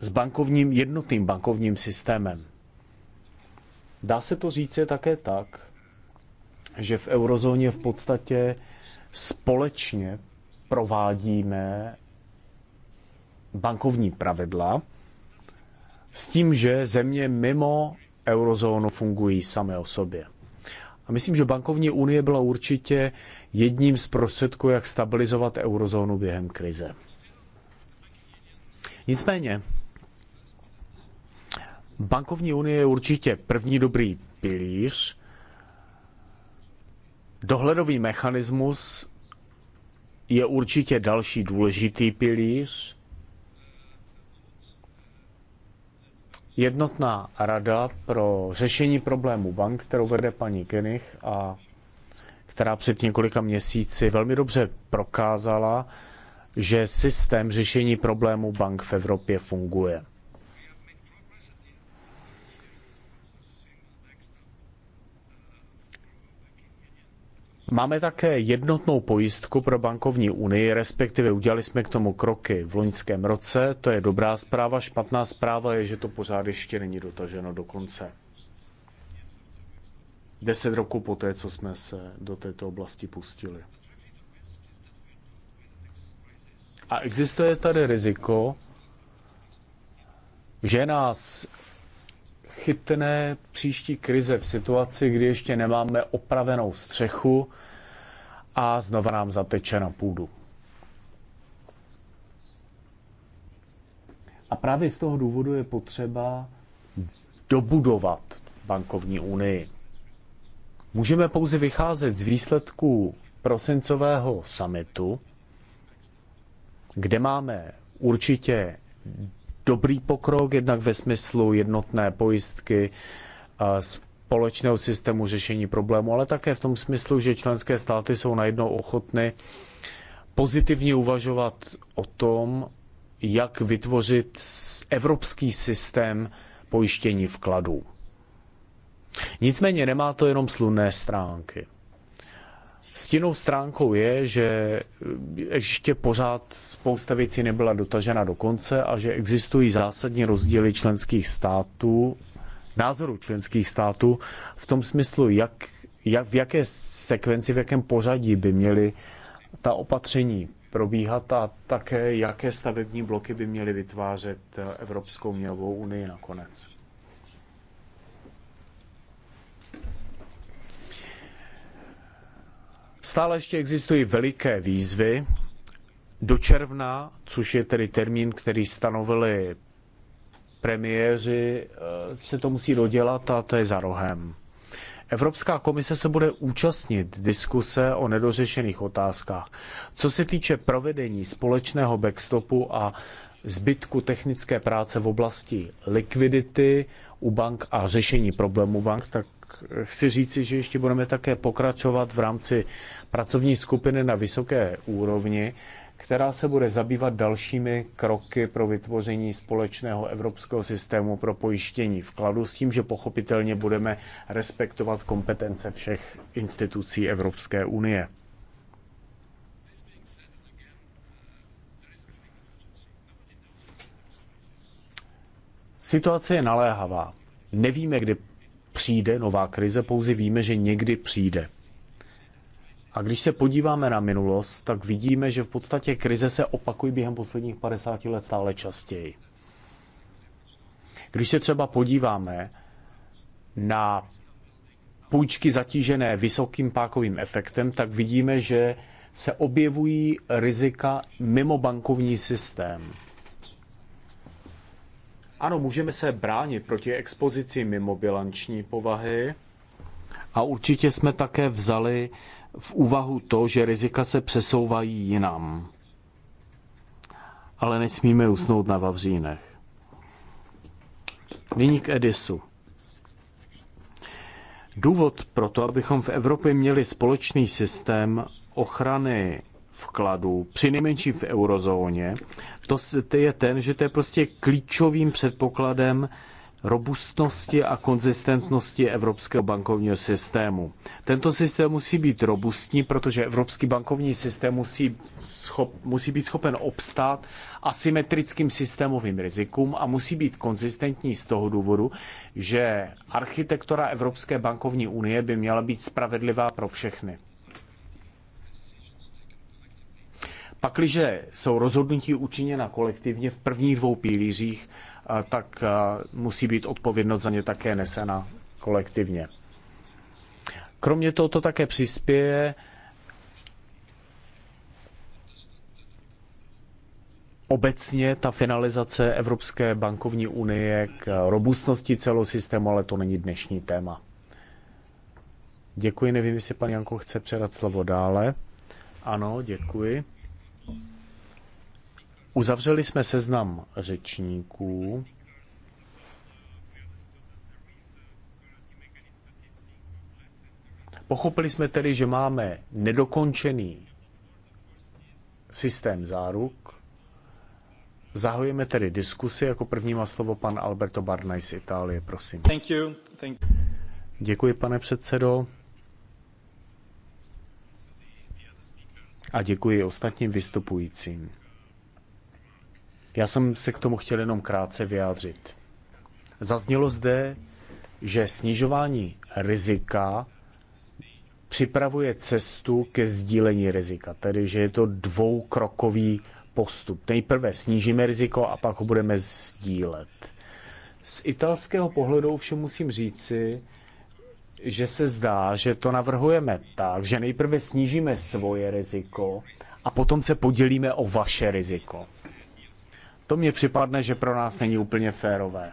Speaker 1: s bankovním, jednotným bankovním systémem. Dá se to říct je také tak, že v eurozóně v podstatě společně provádíme bankovní pravidla s tím, že země mimo eurozónu fungují samé o sobě. A myslím, že bankovní unie byla určitě jedním z prostředků, jak stabilizovat eurozónu během krize. Nicméně, Bankovní unie je určitě první dobrý pilíř. Dohledový mechanismus je určitě další důležitý pilíř. Jednotná rada pro řešení problému bank, kterou vede paní Kenich a která před několika měsíci velmi dobře prokázala, že systém řešení problému bank v Evropě funguje. Máme také jednotnou pojistku pro bankovní unii, respektive udělali jsme k tomu kroky v loňském roce. To je dobrá zpráva. Špatná zpráva je, že to pořád ještě není dotaženo do konce. Deset roků poté, co jsme se do této oblasti pustili. A existuje tady riziko, že nás chytne příští krize v situaci, kdy ještě nemáme opravenou střechu a znova nám zateče na půdu. A právě z toho důvodu je potřeba dobudovat bankovní unii. Můžeme pouze vycházet z výsledků prosincového summitu, kde máme určitě dobrý pokrok, jednak ve smyslu jednotné pojistky, eh, společného systému řešení problému, ale také v tom smyslu, že členské státy jsou najednou ochotny pozitivně uvažovat o tom, jak vytvořit evropský systém pojištění vkladů. Nicméně nemá to jenom slunné stránky. Stinnou stránkou je, že ještě pořád spousta věcí nebyla dotažena do konce a že existují zásadní rozdíly členských států, názorů členských států v tom smyslu, jak, jak, v jaké sekvenci, v jakém pořadí by měly ta opatření probíhat a také jaké stavební bloky by měly vytvářet Evropskou měnovou unii nakonec. Stále ještě existují veliké výzvy. Do června, což je tedy termín, který stanovili premiéři, eh, se to musí dodělat a to je za rohem. Evropská komise se bude účastnit diskuse o nedořešených otázkách. Co se týče provedení společného backstopu a zbytku technické práce v oblasti likvidity u bank a řešení problémů bank, tak chci říci, že ještě budeme také pokračovat v rámci pracovní skupiny na vysoké úrovni, která se bude zabývat dalšími kroky pro vytvoření společného evropského systému pro pojištění vkladu s tím, že pochopitelně budeme respektovat kompetence všech institucí Evropské unie. Situace je naléhavá. Nevíme, kdy přijde nová krize, pouze víme, že někdy přijde. A když se podíváme na minulost, tak vidíme, že v podstatě krize se opakují během posledních 50 let stále častěji. Když se třeba podíváme na půjčky zatížené vysokým pákovým efektem, tak vidíme, že se objevují rizika mimo bankovní systém. Ano, můžeme se bránit proti expozici mimo bilanční povahy a určitě jsme také vzali v úvahu to, že rizika se přesouvají jinam. Ale nesmíme usnout na vavřínech. Nyní k Edisu. Důvod pro to, abychom v Evropě měli společný systém ochrany vkladů, přinejmenším v eurozóně, to je ten, že to je prostě klíčovým předpokladem robustnosti a konzistentnosti evropského bankovního systému. Tento systém musí být robustní, protože evropský bankovní systém musí, schop, musí být schopen obstát asymetrickým systémovým rizikům a musí být konzistentní z toho důvodu, že architektura Evropské bankovní unie by měla být spravedlivá pro všechny. Pakliže jsou rozhodnutí učiněna kolektivně v prvních dvou pilířích, eh, tak eh, musí být odpovědnost za ně také nesena kolektivně. Kromě toho to také přispěje obecně ta finalizace Evropské bankovní unie k eh, robustnosti celého systému, ale to není dnešní téma. Děkuji, nevím, jestli pan Janko chce předat slovo dále. Ano, děkuji. Uzavřeli jsme seznam řečníků. Pochopili jsme tedy, že máme nedokončený systém záruk. Zahajujeme tedy diskusi. Jako první má slovo pan Alberto Barnaj z Itálie, prosím.
Speaker 2: Thank you. Thank you.
Speaker 1: Děkuji, pane předsedo. a děkuji ostatním vystupujícím. Já jsem se k tomu chtěl jenom krátce vyjádřit. Zaznělo zde, že snižování rizika připravuje cestu ke sdílení rizika, tedy že je to dvoukrokový postup. Nejprve snížíme riziko a pak ho budeme sdílet. Z italského pohledu všem musím říci, že se zdá, že to navrhujeme tak, že nejprve snížíme svoje riziko a potom se podělíme o vaše riziko. To mně připadne, že pro nás není úplně férové.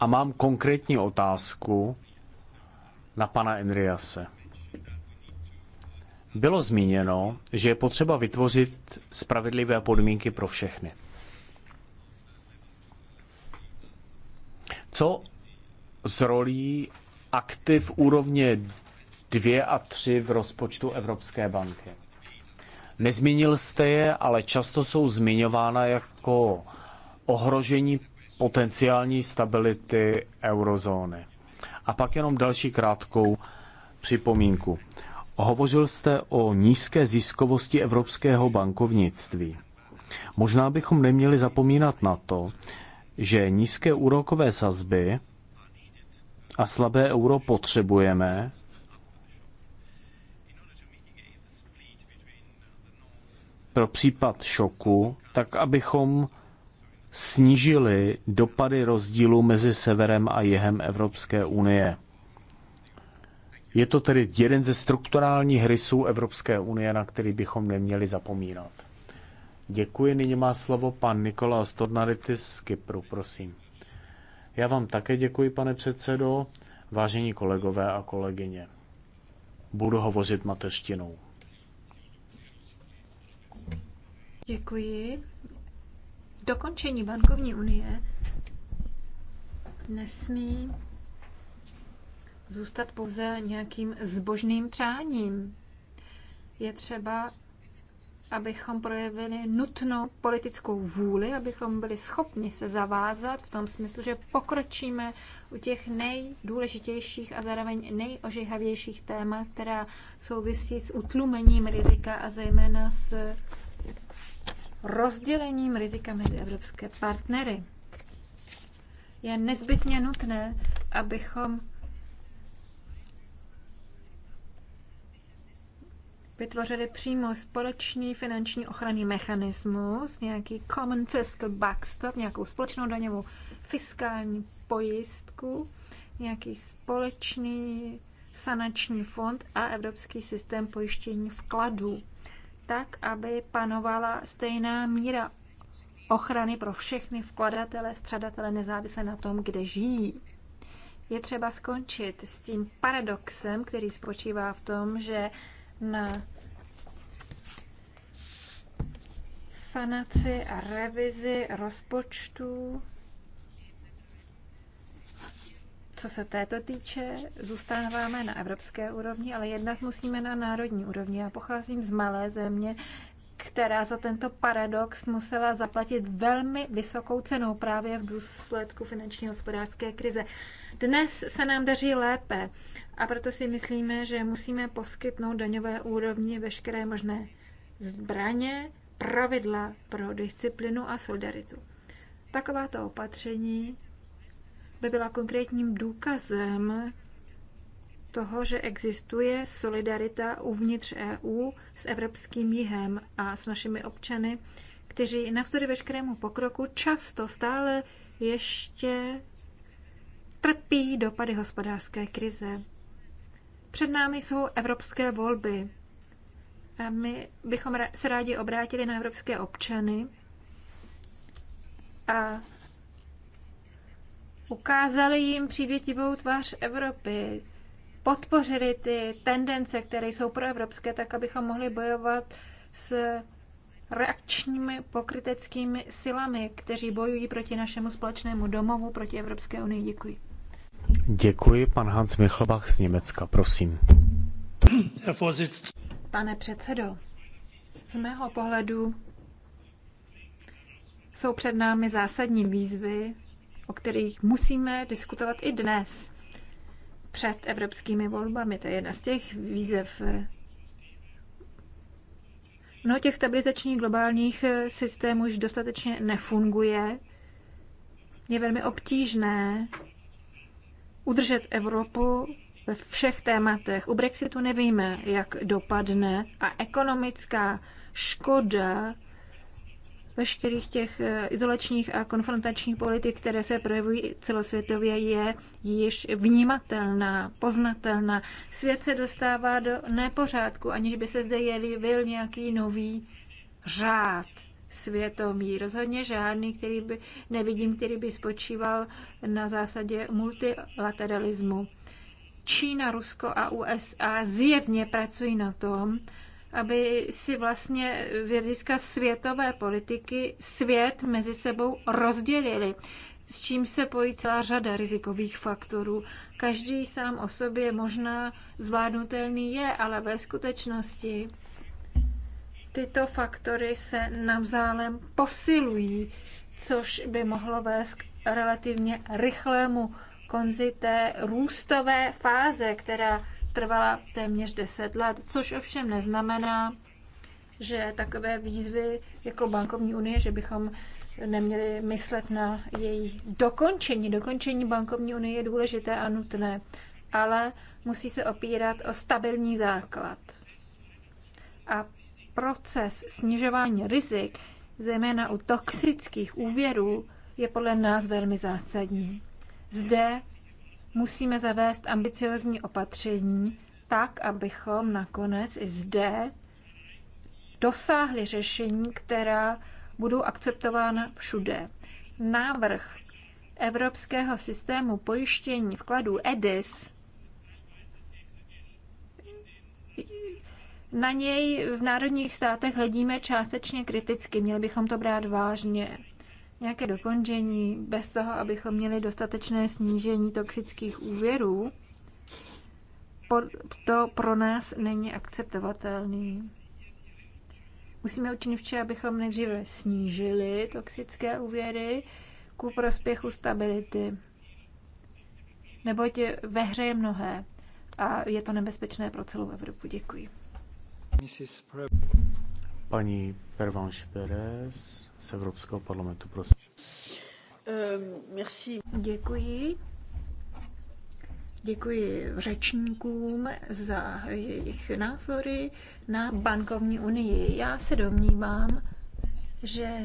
Speaker 1: A mám konkrétní otázku na pana Enriase. Bylo zmíněno, že je potřeba vytvořit spravedlivé podmínky pro všechny. Co s rolí aktiv úrovně 2 a 3 v rozpočtu Evropské banky. Nezmínil jste je, ale často jsou zmiňována jako ohrožení potenciální stability eurozóny. A pak jenom další krátkou připomínku. Hovořil jste o nízké ziskovosti evropského bankovnictví. Možná bychom neměli zapomínat na to, že nízké úrokové sazby a slabé euro potřebujeme, pro případ šoku, tak abychom snížili dopady rozdílu mezi severem a jihem Evropské unie. Je to tedy jeden ze strukturálních rysů Evropské unie, na který bychom neměli zapomínat. Děkuji, nyní má slovo pan Nikola Stornaritis z Kypru, prosím. Já vám také děkuji, pane předsedo, vážení kolegové a kolegyně. Budu hovořit mateřštinou.
Speaker 2: Děkuji. Dokončení bankovní unie nesmí zůstat pouze nějakým zbožným přáním. Je třeba abychom projevili nutnou politickou vůli, abychom byli schopni se zavázat v tom smyslu, že pokročíme u těch nejdůležitějších a zároveň nejožihavějších témat, která souvisí s utlumením rizika a zejména s rozdělením rizika mezi evropské partnery. Je nezbytně nutné, abychom vytvořili přímo společný finanční ochranný mechanismus, nějaký common fiscal backstop, nějakou společnou daňovou fiskální pojistku, nějaký společný sanační fond a evropský systém pojištění vkladů, tak, aby panovala stejná míra ochrany pro všechny vkladatele, střadatele, nezávisle na tom, kde žijí. Je třeba skončit s tím paradoxem, který spočívá v tom, že na sanaci a revizi rozpočtů. Co se této týče, zůstáváme na evropské úrovni, ale jednak musíme na národní úrovni. Já pocházím z malé země, která za tento paradox musela zaplatit velmi vysokou cenou právě v důsledku finanční hospodářské krize. Dnes se nám daří lépe a proto si myslíme, že musíme poskytnout daňové úrovni veškeré možné zbraně, pravidla pro disciplinu a solidaritu. Takováto opatření by byla konkrétním důkazem toho, že existuje solidarita uvnitř EU s evropským jihem a s našimi občany, kteří navzdory veškerému pokroku často stále ještě trpí dopady hospodářské krize. Před námi jsou evropské volby. A my bychom se rádi obrátili na evropské občany a ukázali jim přívětivou tvář Evropy, podpořili ty tendence, které jsou proevropské, tak abychom mohli bojovat s reakčními pokryteckými silami, kteří bojují proti našemu společnému domovu, proti Evropské unii. Děkuji.
Speaker 1: Děkuji, pan Hans Michlbach z Německa, prosím.
Speaker 2: Pane předsedo, z mého pohledu jsou před námi zásadní výzvy, o kterých musíme diskutovat i dnes před evropskými volbami. To je jedna z těch výzev. No, těch stabilizačních globálních systémů už dostatečně nefunguje. Je velmi obtížné udržet Evropu ve všech tématech. U Brexitu nevíme, jak dopadne a ekonomická škoda veškerých těch eh, izolačních a konfrontačních politik, které se projevují celosvětově, je již vnímatelná, poznatelná. Svět se dostává do nepořádku, aniž by se zde jevil nějaký nový řád světomí. Rozhodně žádný, který by, nevidím, který by spočíval na zásadě multilateralismu. Čína, Rusko a USA zjevně pracují na tom, aby si vlastně z hlediska světové politiky svět mezi sebou rozdělili, s čím se pojí celá řada rizikových faktorů. Každý sám o sobě možná zvládnutelný je, ale ve skutečnosti Tyto faktory se navzájem posilují, což by mohlo vést k relativně rychlému konzi té růstové fáze, která trvala téměř 10 let, což ovšem neznamená, že takové výzvy jako bankovní unie, že bychom neměli myslet na její dokončení. Dokončení bankovní unie je důležité a nutné, ale musí se opírat o stabilní základ. A proces snižování rizik, zejména u toxických úvěrů, je podle nás velmi zásadní. Zde musíme zavést ambiciozní opatření, tak, abychom nakonec i zde dosáhli řešení, která budou akceptována všude. Návrh Evropského systému pojištění vkladů EDIS na něj v národních státech hledíme částečně kriticky. Měli bychom to brát vážně. Nějaké dokončení, bez toho, abychom měli dostatečné snížení toxických úvěrů, to pro nás není akceptovatelný. Musíme učinit vše, abychom nejdříve snížili toxické úvěry ku prospěchu stability. Neboť ve hře je mnohé a je to nebezpečné pro celou Evropu. Děkuji.
Speaker 1: Paní Pervanš Perez z Evropského parlamentu, prosím.
Speaker 2: Ehm, merci. Děkuji. Děkuji řečníkům za jejich názory na bankovní unii. Já se domnívám, že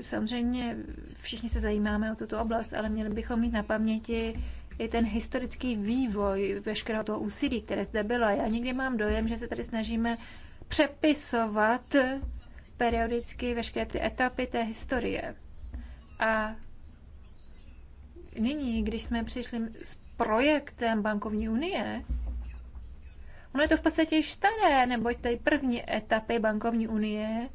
Speaker 2: samozřejmě všichni se zajímáme o tuto oblast, ale měli bychom mít na paměti, i ten historický vývoj veškerého toho úsilí, které zde bylo. Já nikdy mám dojem, že se tady snažíme přepisovat periodicky veškeré ty etapy té historie. A nyní, když jsme přišli s projektem bankovní unie, ono je to v podstatě staré, neboť ty první etapy bankovní unie,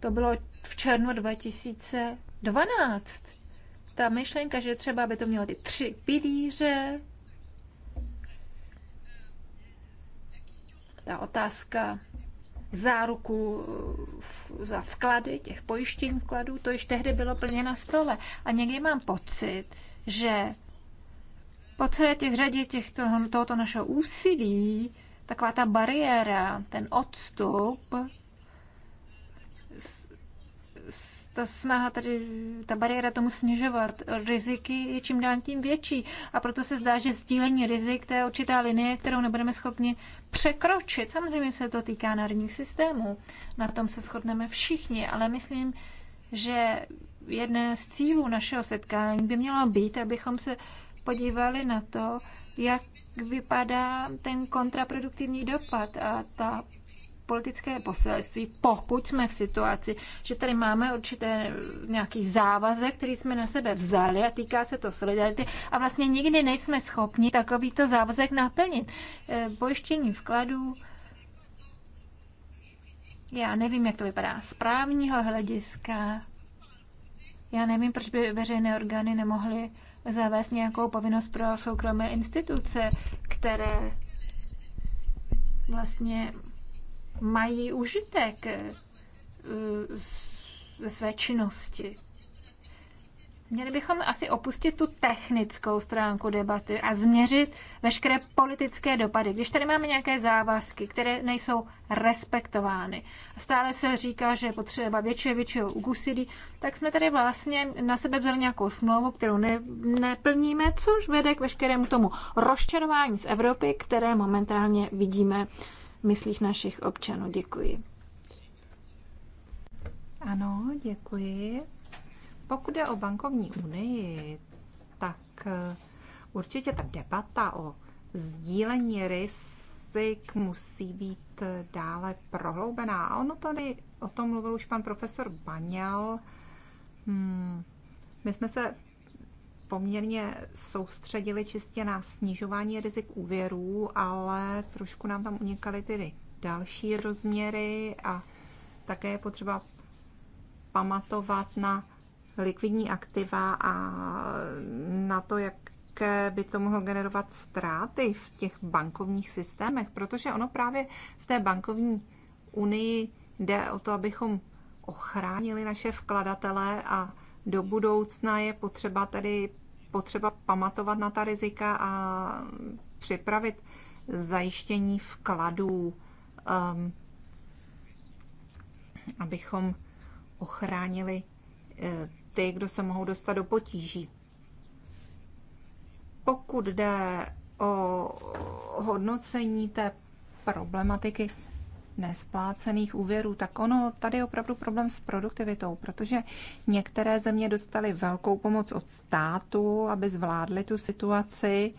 Speaker 2: to bylo v červnu 2012 ta myšlenka, že třeba by to mělo ty tři pilíře, ta otázka záruku za vklady, těch pojištění vkladů, to již tehdy bylo plně na stole. A někdy mám pocit, že po celé těch řadě těch toho tohoto našeho úsilí, taková ta bariéra, ten odstup, ta snaha tady, ta bariéra tomu snižovat riziky je čím dál tím větší. A proto se zdá, že sdílení rizik to je určitá linie, kterou nebudeme schopni překročit. Samozřejmě se to týká národních systémů. Na tom se shodneme všichni, ale myslím, že jedné z cílů našeho setkání by mělo být, abychom se podívali na to, jak vypadá ten kontraproduktivní dopad a ta politické poselství, pokud jsme v situaci, že tady máme určité nějaký závazek, který jsme na sebe vzali a týká se to solidarity a vlastně nikdy nejsme schopni takovýto závazek naplnit. Eh, pojištění vkladů, já nevím, jak to vypadá z právního hlediska. Já nevím, proč by veřejné orgány nemohly zavést nějakou povinnost pro soukromé instituce, které vlastně mají užitek eh, ze své činnosti. Měli bychom asi opustit tu technickou stránku debaty a změřit veškeré politické dopady. Když tady máme nějaké závazky, které nejsou respektovány, a stále se říká, že je potřeba většího většího úsilí, tak jsme tady vlastně na sebe vzali nějakou smlouvu, kterou ne, neplníme, což vede k veškerému tomu rozčarování z Evropy, které momentálně vidíme myslích našich občanů. Děkuji. Ano, děkuji.
Speaker 3: Pokud je o bankovní unii, tak eh, určitě ta debata o sdílení rizik musí být eh, dále prohloubená. A ono tady o tom mluvil už pan profesor Baněl. Hmm. My jsme se poměrně soustředili čistě na snižování rizik úvěrů, ale trošku nám tam unikaly tedy další rozměry a také je potřeba pamatovat na likvidní aktiva a na to, jaké by to mohlo generovat ztráty v těch bankovních systémech, protože ono právě v té bankovní unii jde o to, abychom ochránili naše vkladatele a do budoucna je potřeba tedy potřeba pamatovat na ta rizika a připravit zajištění vkladů, um, abychom ochránili eh, ty, kdo se mohou dostat do potíží. Pokud jde o hodnocení té problematiky nesplácených úvěrů, tak ono tady je opravdu problém s produktivitou, protože některé země dostaly velkou pomoc od státu, aby zvládly tu situaci. E,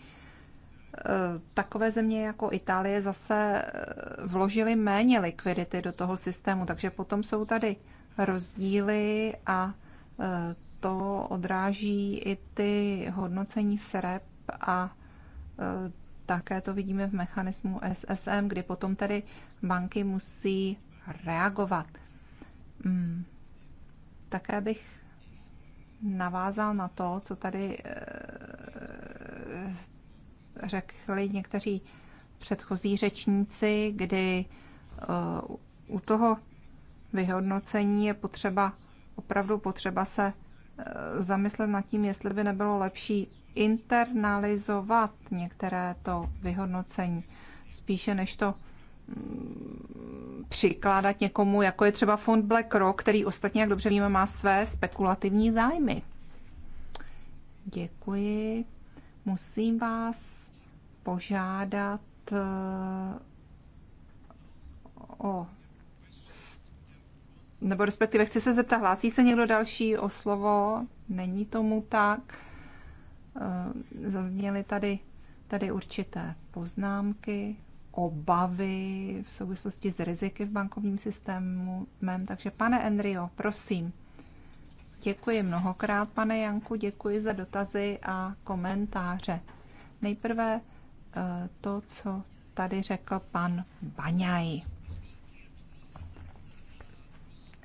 Speaker 3: takové země jako Itálie zase e, vložily méně likvidity do toho systému, takže potom jsou tady rozdíly a e, to odráží i ty hodnocení SREP a také to vidíme v mechanismu SSM, kdy potom tedy banky musí reagovat. Hmm. Také bych navázal na to, co tady eh, řekli někteří předchozí řečníci, kdy eh, u toho vyhodnocení je potřeba, opravdu potřeba se eh, zamyslet nad tím, jestli by nebylo lepší internalizovat některé to vyhodnocení, spíše než to přikládat někomu, jako je třeba fond BlackRock, který ostatně, jak dobře víme, má své spekulativní zájmy. Děkuji. Musím vás požádat eh, o nebo respektive chci se zeptat, hlásí se někdo další o slovo? Není tomu tak. Eh, zazněly tady, tady určité poznámky, obavy v souvislosti s riziky v bankovním systému. Takže pane Enrio, prosím. Děkuji mnohokrát, pane Janku, děkuji za dotazy a komentáře. Nejprve eh, to, co tady řekl pan Baňaj.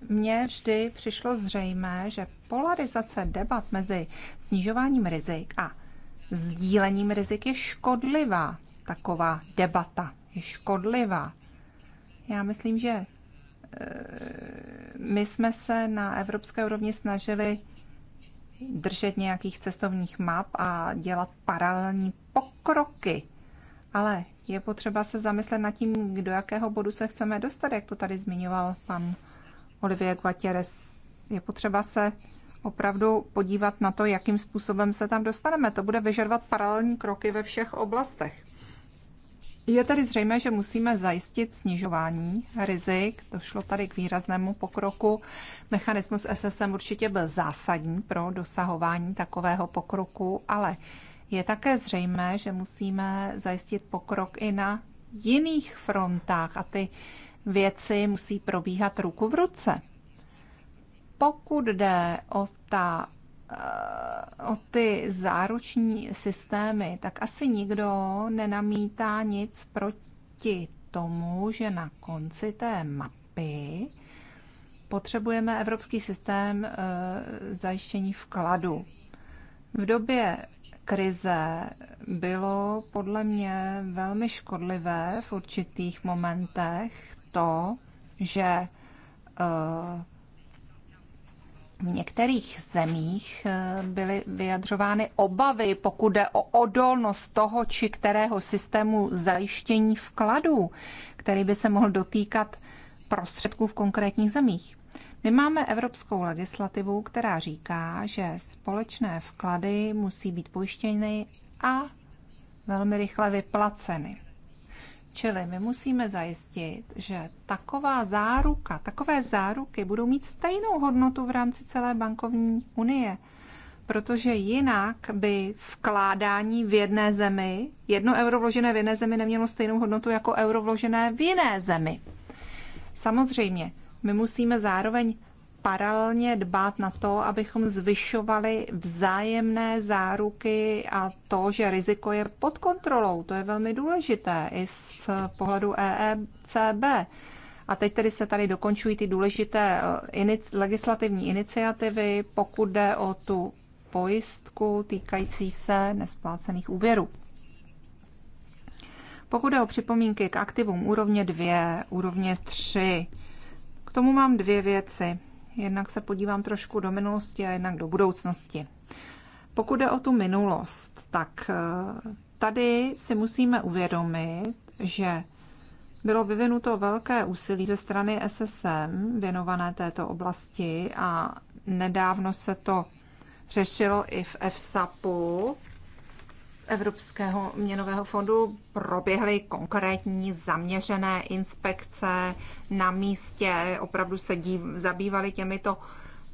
Speaker 3: Mně vždy přišlo zřejmé, že polarizace debat mezi snižováním rizik a sdílením rizik je škodlivá taková debata škodlivá. Já myslím, že eh, my jsme se na evropské úrovni snažili držet nějakých cestovních map a dělat paralelní pokroky. Ale je potřeba se zamyslet nad tím, do jakého bodu se chceme dostat, jak to tady zmiňoval pan Olivier Guatieres. Je potřeba se opravdu podívat na to, jakým způsobem se tam dostaneme. To bude vyžadovat paralelní kroky ve všech oblastech. Je tedy zřejmé, že musíme zajistit snižování rizik. Došlo tady k výraznému pokroku. Mechanismus SSM určitě byl zásadní pro dosahování takového pokroku, ale je také zřejmé, že musíme zajistit pokrok i na jiných frontách a ty věci musí probíhat ruku v ruce. Pokud jde o ta Eh, o ty záruční systémy, tak asi nikdo nenamítá nic proti tomu, že na konci té mapy potřebujeme evropský systém eh, zajištění vkladu. V době krize bylo podle mě velmi škodlivé v určitých momentech to, že eh, v některých zemích eh, byly vyjadřovány obavy, pokud jde o odolnost toho či kterého systému zajištění vkladů, který by se mohl dotýkat prostředků v konkrétních zemích. My máme evropskou legislativu, která říká, že společné vklady musí být pojištěny a velmi rychle vyplaceny. Čili my musíme zajistit, že taková záruka, takové záruky budou mít stejnou hodnotu v rámci celé bankovní unie, protože jinak by vkládání v jedné zemi, jedno euro vložené v jedné zemi nemělo stejnou hodnotu jako euro vložené v jiné zemi. Samozřejmě, my musíme zároveň paralelně dbát na to, abychom zvyšovali vzájemné záruky a to, že riziko je pod kontrolou. To je velmi důležité i z pohledu EECB. A teď tedy se tady dokončují ty důležité eh, inic, legislativní iniciativy, pokud jde o tu pojistku týkající se nesplácených úvěrů. Pokud jde o připomínky k aktivům úrovně 2, úrovně 3, k tomu mám dvě věci. Jednak se podívám trošku do minulosti a jednak do budoucnosti. Pokud jde o tu minulost, tak eh, tady si musíme uvědomit, že bylo vyvinuto velké úsilí ze strany SSM věnované této oblasti a nedávno se to řešilo i v EFSAPu Evropského měnového fondu proběhly konkrétní zaměřené inspekce na místě, opravdu se dív, zabývali těmito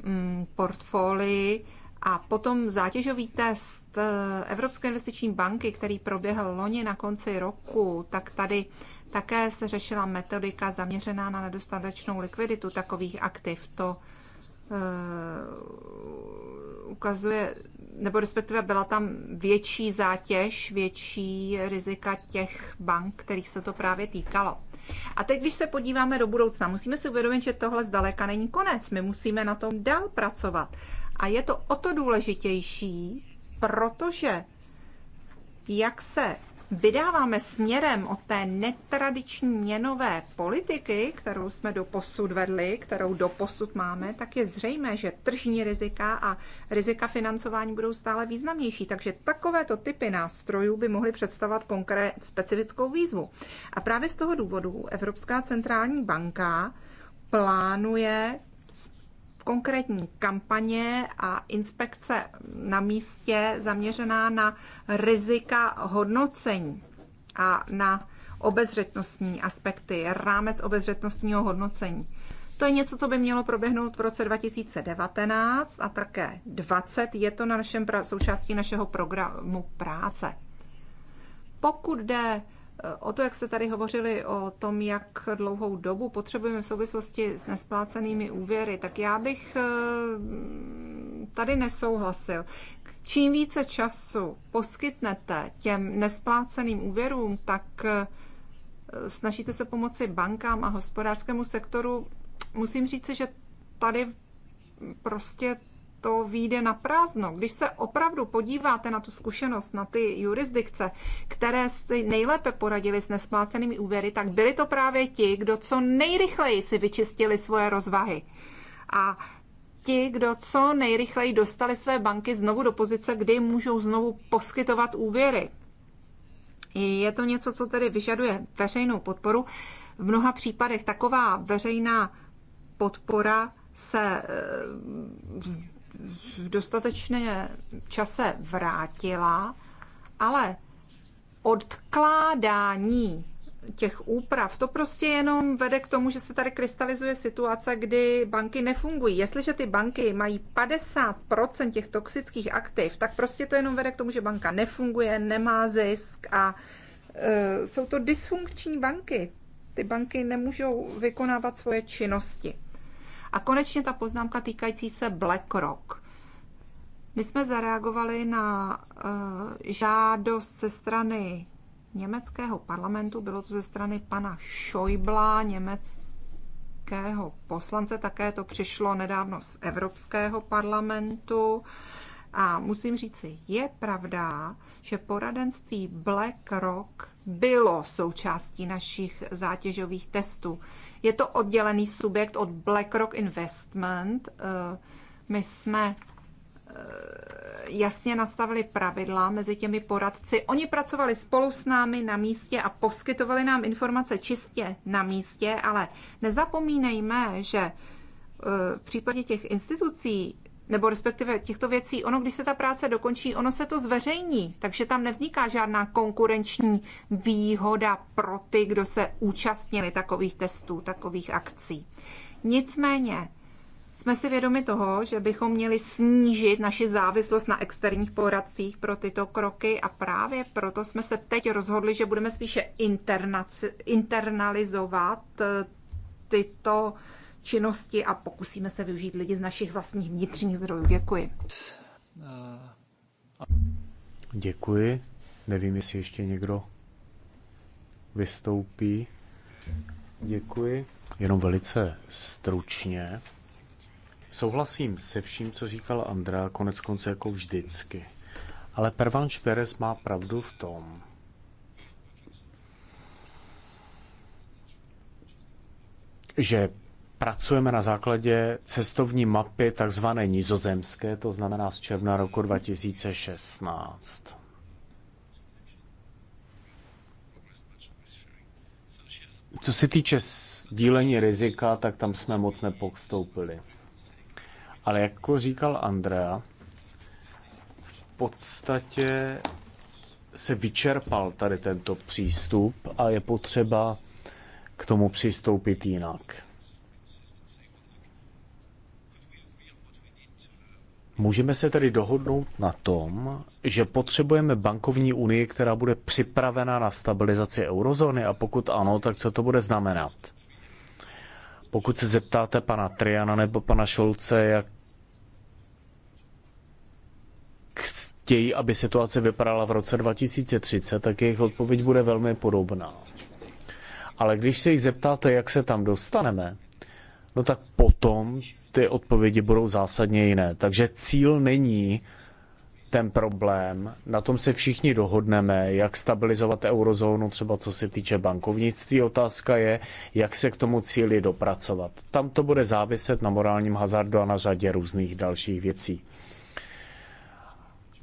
Speaker 3: mm, portfolii a potom zátěžový test eh, Evropské investiční banky, který proběhl loni na konci roku, tak tady také se řešila metodika zaměřená na nedostatečnou likviditu takových aktiv. To Eh, ukazuje, nebo respektive byla tam větší zátěž, větší rizika těch bank, kterých se to právě týkalo. A teď, když se podíváme do budoucna, musíme si uvědomit, že tohle zdaleka není konec. My musíme na tom dál pracovat. A je to o to důležitější, protože jak se vydáváme směrem od té netradiční měnové politiky, kterou jsme do posud vedli, kterou do posud máme, tak je zřejmé, že tržní rizika a rizika financování budou stále významnější. Takže takovéto typy nástrojů by mohly představovat konkrét specifickou výzvu. A právě z toho důvodu Evropská centrální banka plánuje konkrétní kampaně a inspekce na místě zaměřená na rizika hodnocení a na obezřetnostní aspekty, rámec obezřetnostního hodnocení. To je něco, co by mělo proběhnout v roce 2019 a také 20. Je to na našem, součástí našeho programu práce. Pokud jde O to, jak jste tady hovořili o tom, jak dlouhou dobu potřebujeme v souvislosti s nesplácenými úvěry, tak já bych eh, tady nesouhlasil. Čím více času poskytnete těm nespláceným úvěrům, tak eh, snažíte se pomoci bankám a hospodářskému sektoru. Musím říct, že tady prostě to vyjde na prázdno. Když se opravdu podíváte na tu zkušenost, na ty jurisdikce, které si nejlépe poradili s nesplácenými úvěry, tak byli to právě ti, kdo co nejrychleji si vyčistili svoje rozvahy. A ti, kdo co nejrychleji dostali své banky znovu do pozice, kdy můžou znovu poskytovat úvěry. Je to něco, co tedy vyžaduje veřejnou podporu. V mnoha případech taková veřejná podpora se v eh, v dostatečné čase vrátila, ale odkládání těch úprav, to prostě jenom vede k tomu, že se tady krystalizuje situace, kdy banky nefungují. Jestliže ty banky mají 50% těch toxických aktiv, tak prostě to jenom vede k tomu, že banka nefunguje, nemá zisk a uh, jsou to dysfunkční banky. Ty banky nemůžou vykonávat svoje činnosti. A konečně ta poznámka týkající se BlackRock. My jsme zareagovali na eh, žádost ze strany německého parlamentu, bylo to ze strany pana Schäuble, německého poslance, také to přišlo nedávno z Evropského parlamentu. A musím říci, je pravda, že poradenství BlackRock bylo součástí našich zátěžových testů. Je to oddělený subjekt od BlackRock Investment. Eh, my jsme eh, jasně nastavili pravidla mezi těmi poradci. Oni pracovali spolu s námi na místě a poskytovali nám informace čistě na místě, ale nezapomínejme, že eh, v případě těch institucí nebo respektive těchto věcí, ono, když se ta práce dokončí, ono se to zveřejní, takže tam nevzniká žádná konkurenční výhoda pro ty, kdo se účastnili takových testů, takových akcí. Nicméně jsme si vědomi toho, že bychom měli snížit naši závislost na externích poradcích pro tyto kroky a právě proto jsme se teď rozhodli, že budeme spíše internaci, internalizovat eh, tyto uh, činnosti a pokusíme se využít lidi z našich vlastních vnitřních zdrojů. Děkuji.
Speaker 1: Děkuji. Nevím, jestli ještě někdo vystoupí. Děkuji. Jenom velice stručně. Souhlasím se vším, co říkal Andrea, konec konců jako vždycky. Ale Pervan Šperes má pravdu v tom, že pracujeme na základě cestovní mapy takzvané nizozemské, to znamená z června roku 2016. Co se týče sdílení rizika, tak tam jsme moc nepokstoupili. Ale jako říkal Andrea, v podstatě se vyčerpal tady tento přístup a je potřeba k tomu přistoupit jinak. Můžeme se tedy dohodnout na tom, že potřebujeme bankovní unii, která bude připravena na stabilizaci eurozóny a pokud ano, tak co to bude znamenat? Pokud se zeptáte pana Triana nebo pana Šolce, jak chtějí, aby situace vypadala v roce 2030, tak jejich odpověď bude velmi podobná. Ale když se jich zeptáte, jak se tam dostaneme, no tak potom ty odpovědi budou zásadně jiné. Takže cíl není ten problém, na tom se všichni dohodneme, jak stabilizovat eurozónu, třeba co se týče bankovnictví. Otázka je, jak se k tomu cíli dopracovat. Tam to bude záviset na morálním hazardu a na řadě různých dalších věcí.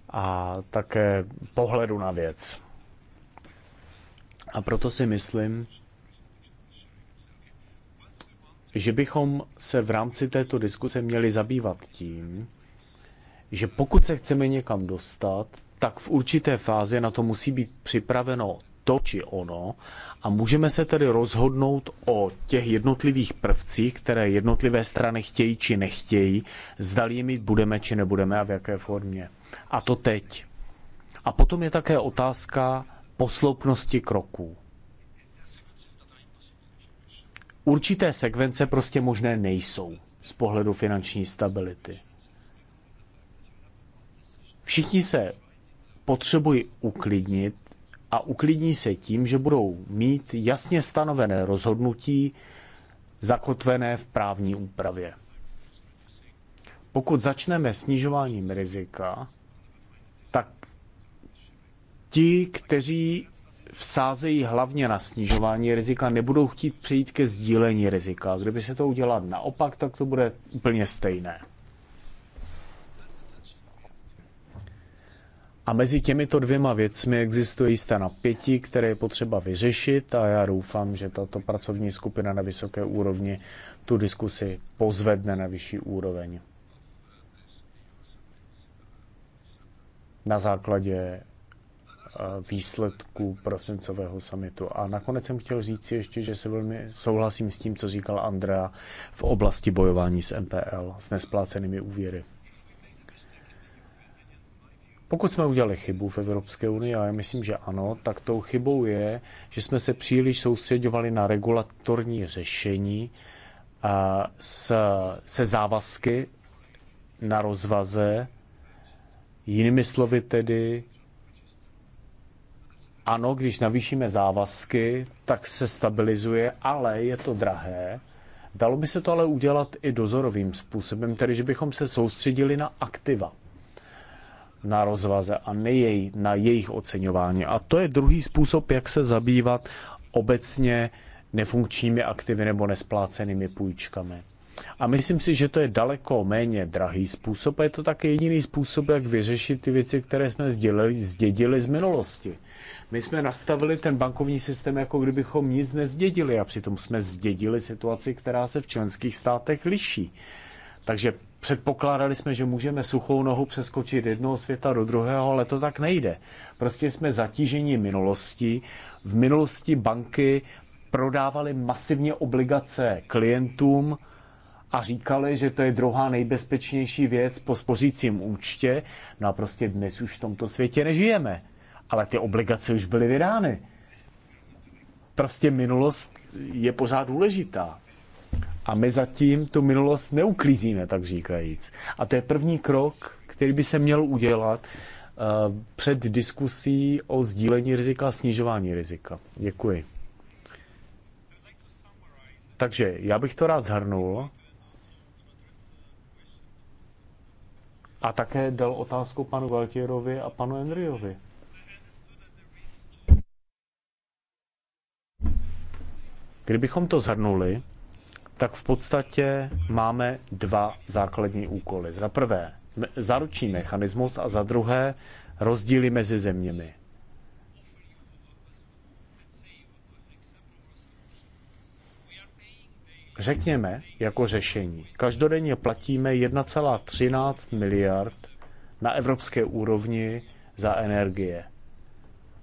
Speaker 1: A také pohledu na věc. A proto si myslím, že bychom se v rámci této diskuse měli zabývat tím, že pokud se chceme někam dostat, tak v určité fázi na to musí být připraveno to či ono a můžeme se tedy rozhodnout o těch jednotlivých prvcích, které jednotlivé strany chtějí či nechtějí, zdali je mít budeme či nebudeme a v jaké formě. A to teď. A potom je také otázka posloupnosti kroků určité sekvence prostě možné nejsou z pohledu finanční stability. Všichni se potřebují uklidnit a uklidní se tím, že budou mít jasně stanovené rozhodnutí zakotvené v právní úpravě. Pokud začneme snižováním rizika, tak ti, kteří sázejí hlavně na snižování rizika, nebudou chtít přejít ke sdílení rizika. Kdyby se to udělat naopak, tak to bude úplně stejné. A mezi těmito dvěma věcmi existuje jisté napětí, které je potřeba vyřešit a já doufám, že tato pracovní skupina na vysoké úrovni tu diskusi pozvedne na vyšší úroveň. Na základě výsledků prosincového samitu. A nakonec jsem chtěl říct ještě, že se velmi souhlasím s tím, co říkal Andrea v oblasti bojování s MPL, s nesplácenými úvěry. Pokud jsme udělali chybu v Evropské unii, a já myslím, že ano, tak tou chybou je, že jsme se příliš soustředovali na regulatorní řešení a s, se závazky na rozvaze, jinými slovy tedy ano, když navýšíme závazky, tak se stabilizuje, ale je to drahé. Dalo by se to ale udělat i dozorovým způsobem, tedy že bychom se soustředili na aktiva na rozvaze a jej, na jejich oceňování. A to je druhý způsob, jak se zabývat obecně nefunkčními aktivy nebo nesplácenými půjčkami. A myslím si, že to je daleko méně drahý způsob a je to také jediný způsob, jak vyřešit ty věci, které jsme sdělili, zdědili z minulosti. My jsme nastavili ten bankovní systém, jako kdybychom nic nezdědili a přitom jsme zdědili situaci, která se v členských státech liší. Takže předpokládali jsme, že můžeme suchou nohu přeskočit jednoho světa do druhého, ale to tak nejde. Prostě jsme zatíženi minulostí. V minulosti banky prodávaly masivně obligace klientům, a říkali, že to je druhá nejbezpečnější věc po spořícím účtě. No a prostě dnes už v tomto světě nežijeme. Ale ty obligace už byly vydány. Prostě minulost je pořád důležitá. A my zatím tu minulost neuklízíme, tak říkajíc. A to je první krok, který by se měl udělat uh, před diskusí o sdílení rizika a snižování rizika. Děkuji. Takže já bych to rád zhrnul. A také dal otázku panu Valtierovi a panu Andriovi. Kdybychom to zhrnuli, tak v podstatě máme dva základní úkoly. Za prvé, zaručí mechanismus a za druhé, rozdíly mezi zeměmi. Řekněme jako řešení, každodenně platíme 1,13 miliard na evropské úrovni za energie.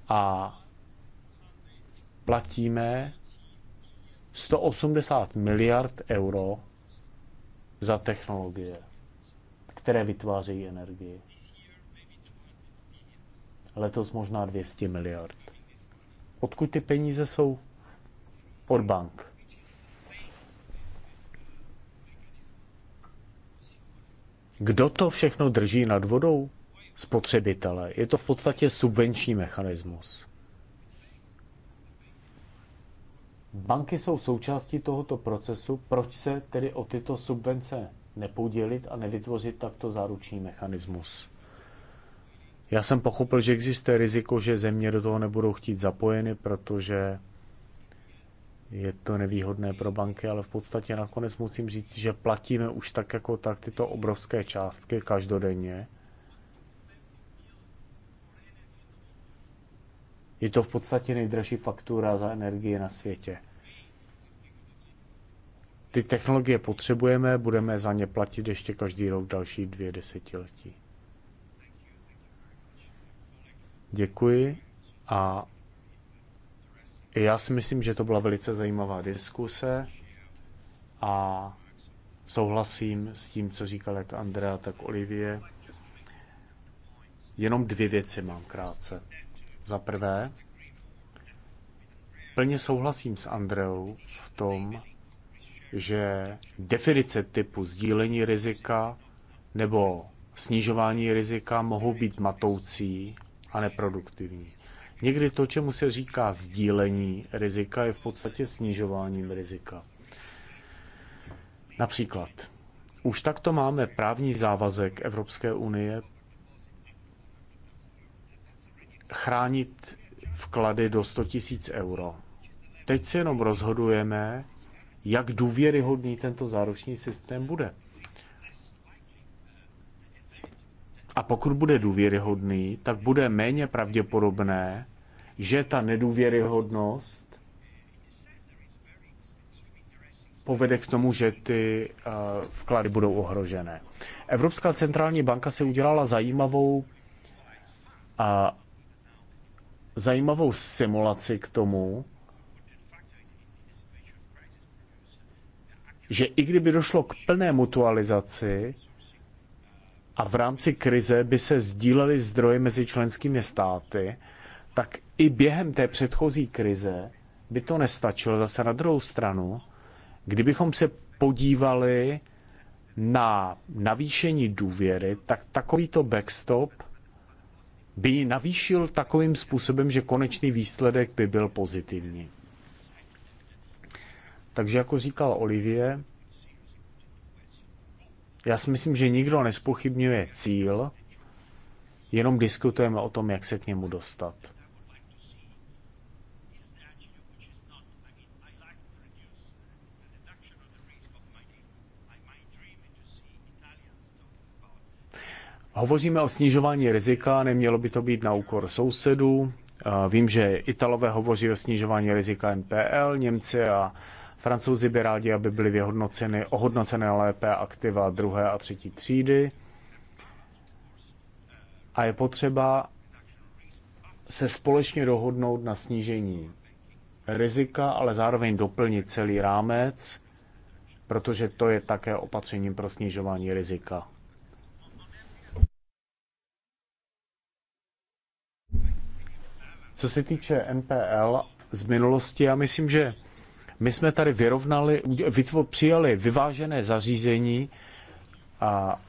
Speaker 1: A platíme 180 miliard euro za technologie, které vytvářejí energii. Letos možná 200 miliard. Odkud ty peníze jsou? Od bank. Kdo to všechno drží nad vodou? Spotřebitele. Je to v podstatě subvenční mechanismus. Banky jsou součástí tohoto procesu. Proč se tedy o tyto subvence nepoudělit a nevytvořit takto záruční mechanismus? Já jsem pochopil, že existuje riziko, že země do toho nebudou chtít zapojeny, protože je to nevýhodné pro banky, ale v podstatě nakonec musím říct, že platíme už tak jako tak tyto obrovské částky každodenně. Je to v podstatě nejdražší faktura za energii na světě. Ty technologie potřebujeme, budeme za ně platit ještě každý rok další dvě desetiletí. Děkuji a já si myslím, že to byla velice zajímavá diskuse a souhlasím s tím, co říkal jak Andrea, tak Olivie. Jenom dvě věci mám krátce. Za prvé, plně souhlasím s Andreou v tom, že definice typu sdílení rizika nebo snižování rizika mohou být matoucí a neproduktivní. Někdy to, čemu se říká sdílení rizika, je v podstatě snižováním rizika. Například, už takto máme právní závazek Evropské unie chránit vklady do 100 000 euro. Teď si jenom rozhodujeme, jak důvěryhodný tento záruční systém bude. A pokud bude důvěryhodný, tak bude méně pravděpodobné, že ta nedůvěryhodnost povede k tomu, že ty eh, vklady budou ohrožené. Evropská centrální banka si udělala zajímavou a zajímavou simulaci k tomu, že i kdyby došlo k plné mutualizaci, a v rámci krize by se sdílely zdroje mezi členskými státy, tak i během té předchozí krize by to nestačilo. Zase na druhou stranu, kdybychom se podívali na navýšení důvěry, tak takovýto backstop by ji navýšil takovým způsobem, že konečný výsledek by byl pozitivní. Takže jako říkal Olivier, já si myslím, že nikdo nespochybňuje cíl, jenom diskutujeme o tom, jak se k němu dostat. Hovoříme o snižování rizika, nemělo by to být na úkor sousedů. Vím, že Italové hovoří o snižování rizika NPL, Němci a Francouzi by rádi, aby byly vyhodnoceny, ohodnocené lépe aktiva druhé a třetí třídy. A je potřeba se společně dohodnout na snížení rizika, ale zároveň doplnit celý rámec, protože to je také opatřením pro snižování rizika. Co se týče NPL z minulosti, já myslím, že my jsme tady vyrovnali, přijali vyvážené zařízení a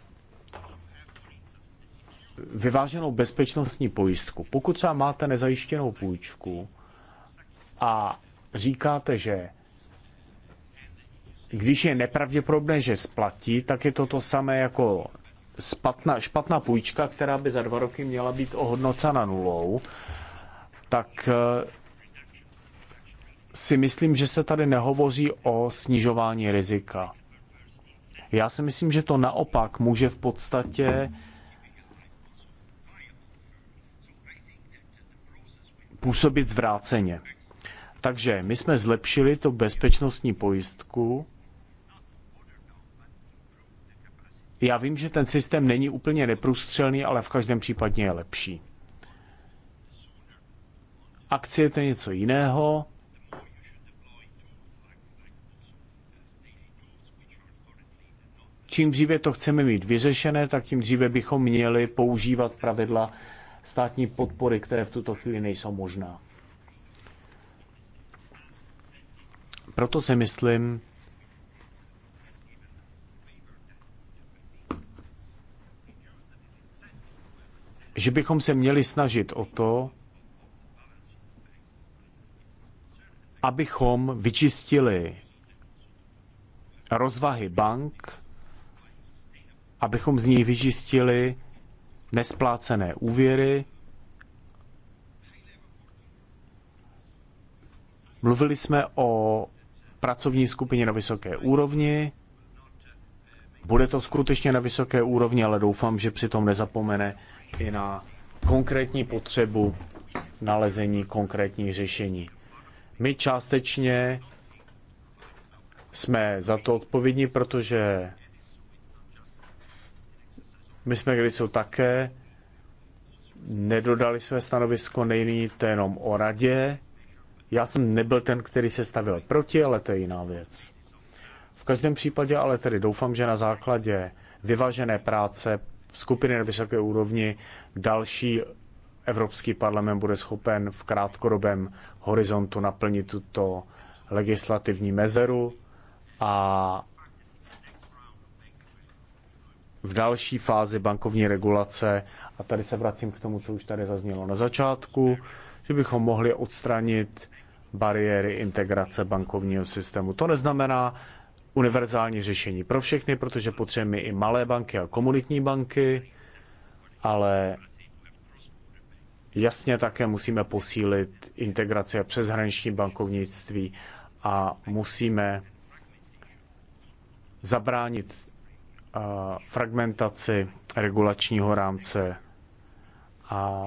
Speaker 1: vyváženou bezpečnostní pojistku. Pokud třeba máte nezajištěnou půjčku a říkáte, že když je nepravděpodobné, že splatí, tak je to to samé jako spatna, špatná půjčka, která by za dva roky měla být ohodnocena nulou, tak si myslím, že se tady nehovoří o snižování rizika. Já si myslím, že to naopak může v podstatě působit zvráceně. Takže my jsme zlepšili tu bezpečnostní pojistku. Já vím, že ten systém není úplně neprůstřelný, ale v každém případě je lepší. Akcie to je něco jiného, čím dříve to chceme mít vyřešené, tak tím dříve bychom měli používat pravidla státní podpory, které v tuto chvíli nejsou možná. Proto si myslím, že bychom se měli snažit o to, abychom vyčistili rozvahy bank abychom z něj vyžistili nesplácené úvěry. Mluvili jsme o pracovní skupině na vysoké úrovni. Bude to skutečně na vysoké úrovni, ale doufám, že přitom nezapomene i na konkrétní potřebu nalezení konkrétních řešení. My částečně jsme za to odpovědní, protože my jsme kdysi také nedodali své stanovisko, nejnyní to jenom o radě. Já jsem nebyl ten, který se stavil proti, ale to je jiná věc. V každém případě ale tedy doufám, že na základě vyvážené práce skupiny na vysoké úrovni další Evropský parlament bude schopen v krátkodobém horizontu naplnit tuto legislativní mezeru a v další fázi bankovní regulace, a tady se vracím k tomu, co už tady zaznělo na začátku, že bychom mohli odstranit bariéry integrace bankovního systému. To neznamená univerzální řešení pro všechny, protože potřebujeme i malé banky a komunitní banky, ale jasně také musíme posílit integraci a přeshraniční bankovnictví a musíme zabránit fragmentaci regulačního rámce a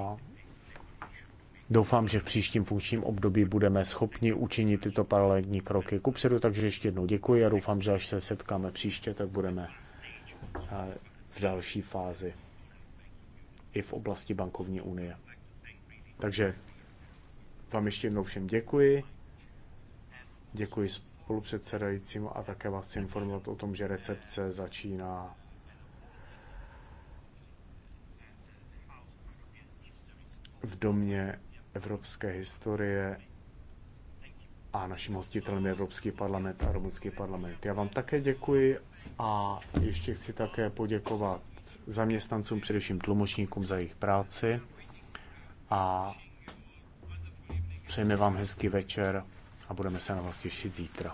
Speaker 1: Doufám, že v příštím funkčním období budeme schopni učinit tyto paralelní kroky kupředu, takže ještě jednou děkuji a doufám, že až se setkáme příště, tak budeme eh, v další fázi i v oblasti bankovní unie. Takže vám ještě jednou všem děkuji. Děkuji spolupředsedajícímu a také vás chci informovat o tom, že recepce začíná v domě evropské historie a naším hostitelem je Evropský parlament a Rumunský parlament. Já vám také děkuji a ještě chci také poděkovat zaměstnancům, především tlumočníkům za jejich práci a přejeme vám hezký večer a budeme se na vás těšit zítra.